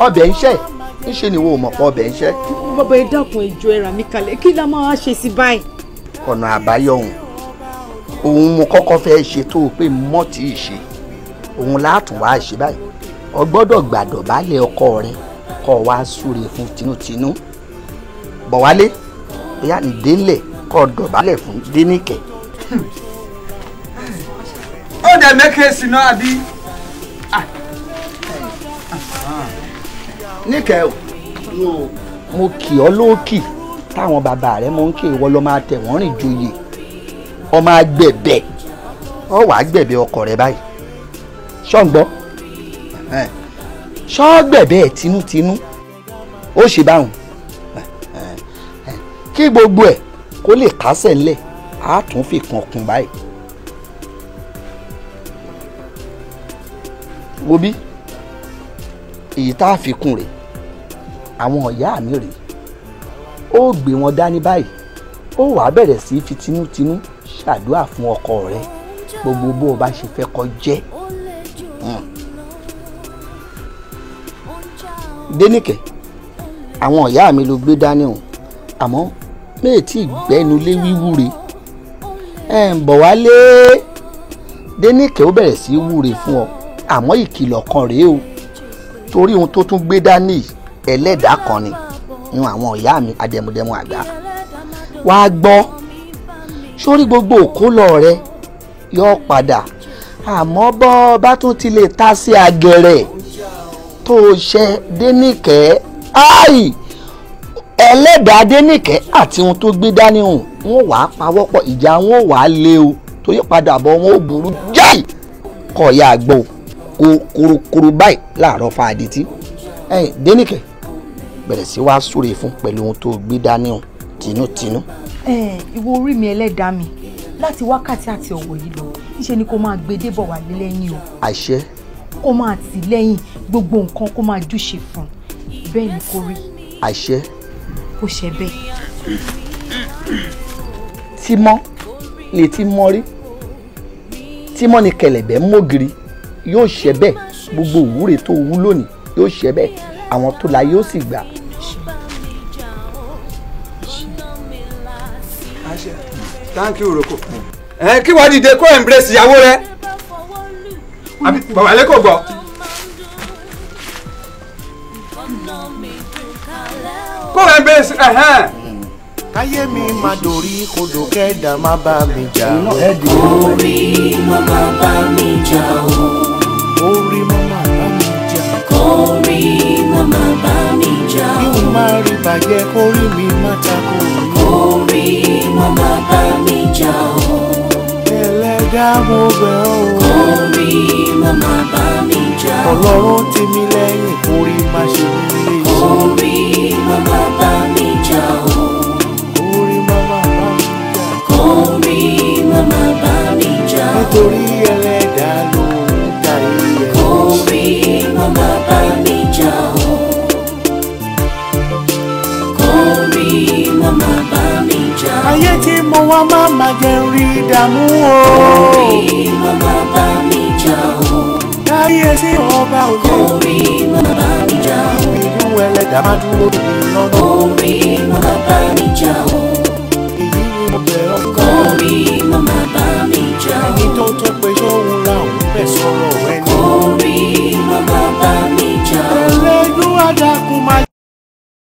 ọbẹ̀ ń ṣe ńṣe ni wo mọ̀ pọ̀ ọbẹ̀ ń ṣe. bàbá ẹ dákun ìjọ ẹ rà mí kalẹ̀ kí la máa ṣe sí báyìí. ọ̀nà àbáyọ òun òun mo kọ́kọ́ fẹ́ ṣe tó o pé mọ́ tí òun láàtún wá báyìí o gbàdọ̀ bá ọkọ rẹ̀ kọ́ wa súre fún tinútinú bọ̀wálé bóyá ìdélẹ̀ kọ́ dọ̀bálẹ̀ fún dénìkẹ́. ó dẹ̀ mẹ́kẹ́ sí náà àbí. níkẹ́ o mo kì ọ́ lóòkì táwọn bàbá rẹ mọ ń kí ìwọ lọ máa tẹ̀ wọ́n rìn joyè ọmọ agbẹ̀bẹ̀ ọ wàá gbẹ̀bẹ̀ ọkọ rẹ báyìí ṣọ́ǹgbọ́ ṣọ́gbẹ̀bẹ̀ tinútinú ó ṣe báwọn kí gbogbo ẹ̀ kó lè kásẹ̀ ńlẹ̀ á tún fi kan kún báyìí. wo bí èyí tá a fi kún rèé àwọn ọ̀yá mi rèé ó gbé wọn dání báyìí ó wàá bẹ̀rẹ̀ sí fi tinútinú ṣàdúrà fún ọkọ rẹ gbogbo bó o bá ṣe fẹ́ kó jẹ́. dénìkẹ́ àwọn ìyá mi ló gbé dání o àmọ́ méètì ìgbẹ́nu lé wíwúre ẹ̀ ń bọ̀ wálé dénìkẹ́ ó bẹ̀rẹ̀ sí í wúre fún ọ àmọ́ ìkìlọ̀ kan rèé o torí ohun tó tún gbé dání ẹlẹ́dàá kan ni ní àwọn ìyá mi adẹmudẹmu àgbà wàá gbọ́ sórí gbogbo òkólọ rẹ yọ padà àmọ́ bọ́ bá tún ti lè ta sí agẹrẹ tó ṣe dénìkẹ́ áì ẹlẹ́dàá dénìkẹ́ àti ohun tó gbé dání hùn wọn wàá pawọ́pọ̀ ìjà wọn wàá lé o torí padà bọ̀ wọn ò burú jáì kọ̀ ya àgbọ̀ kó korokoro báyìí láàárọ̀ fa àdìtí ẹ̀yìn dénìkẹ́ bẹ̀rẹ̀ sí wá súre fún pẹ̀lú ohun tó gbé dání hùn tinútinú. ẹ ìwọ orí mi ẹlẹ́dàá mi láti wákàtí àti ọ̀wọ̀ yìí lọ níṣẹ́ ni kó máa gbé débọ̀ wá lẹ́yìn o. àṣẹ. kó máa tì lẹ́yìn gbogbo nǹkan kó máa júṣe fún un bẹ́ẹ̀ ni kò rí. àṣẹ. kò ṣe bẹ́ẹ̀. tímọ́ lè ti mọ rí tímọ́ ni kẹlẹ̀bẹ̀ mọ́gìrì yóò ṣe bẹ́ẹ̀ gbogbo òwúrè tó wú lónìí yóò ṣe bẹ́ẹ̀ àwọn tó la yóò sì gbà. thank you roko ẹ kí wàá dìde kó embrace ìyàwó rẹ àbí bàbá lẹ́kọ̀ọ́ gbọ́. kó rẹ̀ ń bẹ káyé mi máa dòrí kodò kẹ́ẹ̀dá má bá mi jà o. orí má má bá mi jà o. orí má má bá mi jà o. kórí má má bá mi jà o. kí n má rí bàjẹ́ kórí mi má takò. kórí má má bá mi jà o. ẹlẹ́dàá mo bẹ̀ ọ́ kó má bá mi jà o. ọlọ́run tì mí lẹ́yìn kórè má ṣe mí lè ṣe. kórè má má bá mi jà o. kórè má má bá mi jà. kórè má má bá mi jà o. nítorí ẹlẹ́dàá ló ń ta ilé. kórè má má bá mi jà o. ayé tí mo wá má má jẹun rí ìdààmú o. kórè má má bá mi jà o kábíyèsí ọba òjò. kórè máa bá mi jà o. ìlú ẹlẹ́dàá máa dúró lórí lọ́nà. kórè máa bá mi jà o. èyí ni mo bẹ̀rẹ̀ ọkọ. kórè máa bá mi jà o. ẹni tó tó pe sóhun làwọn fẹ́ sọ̀rọ̀.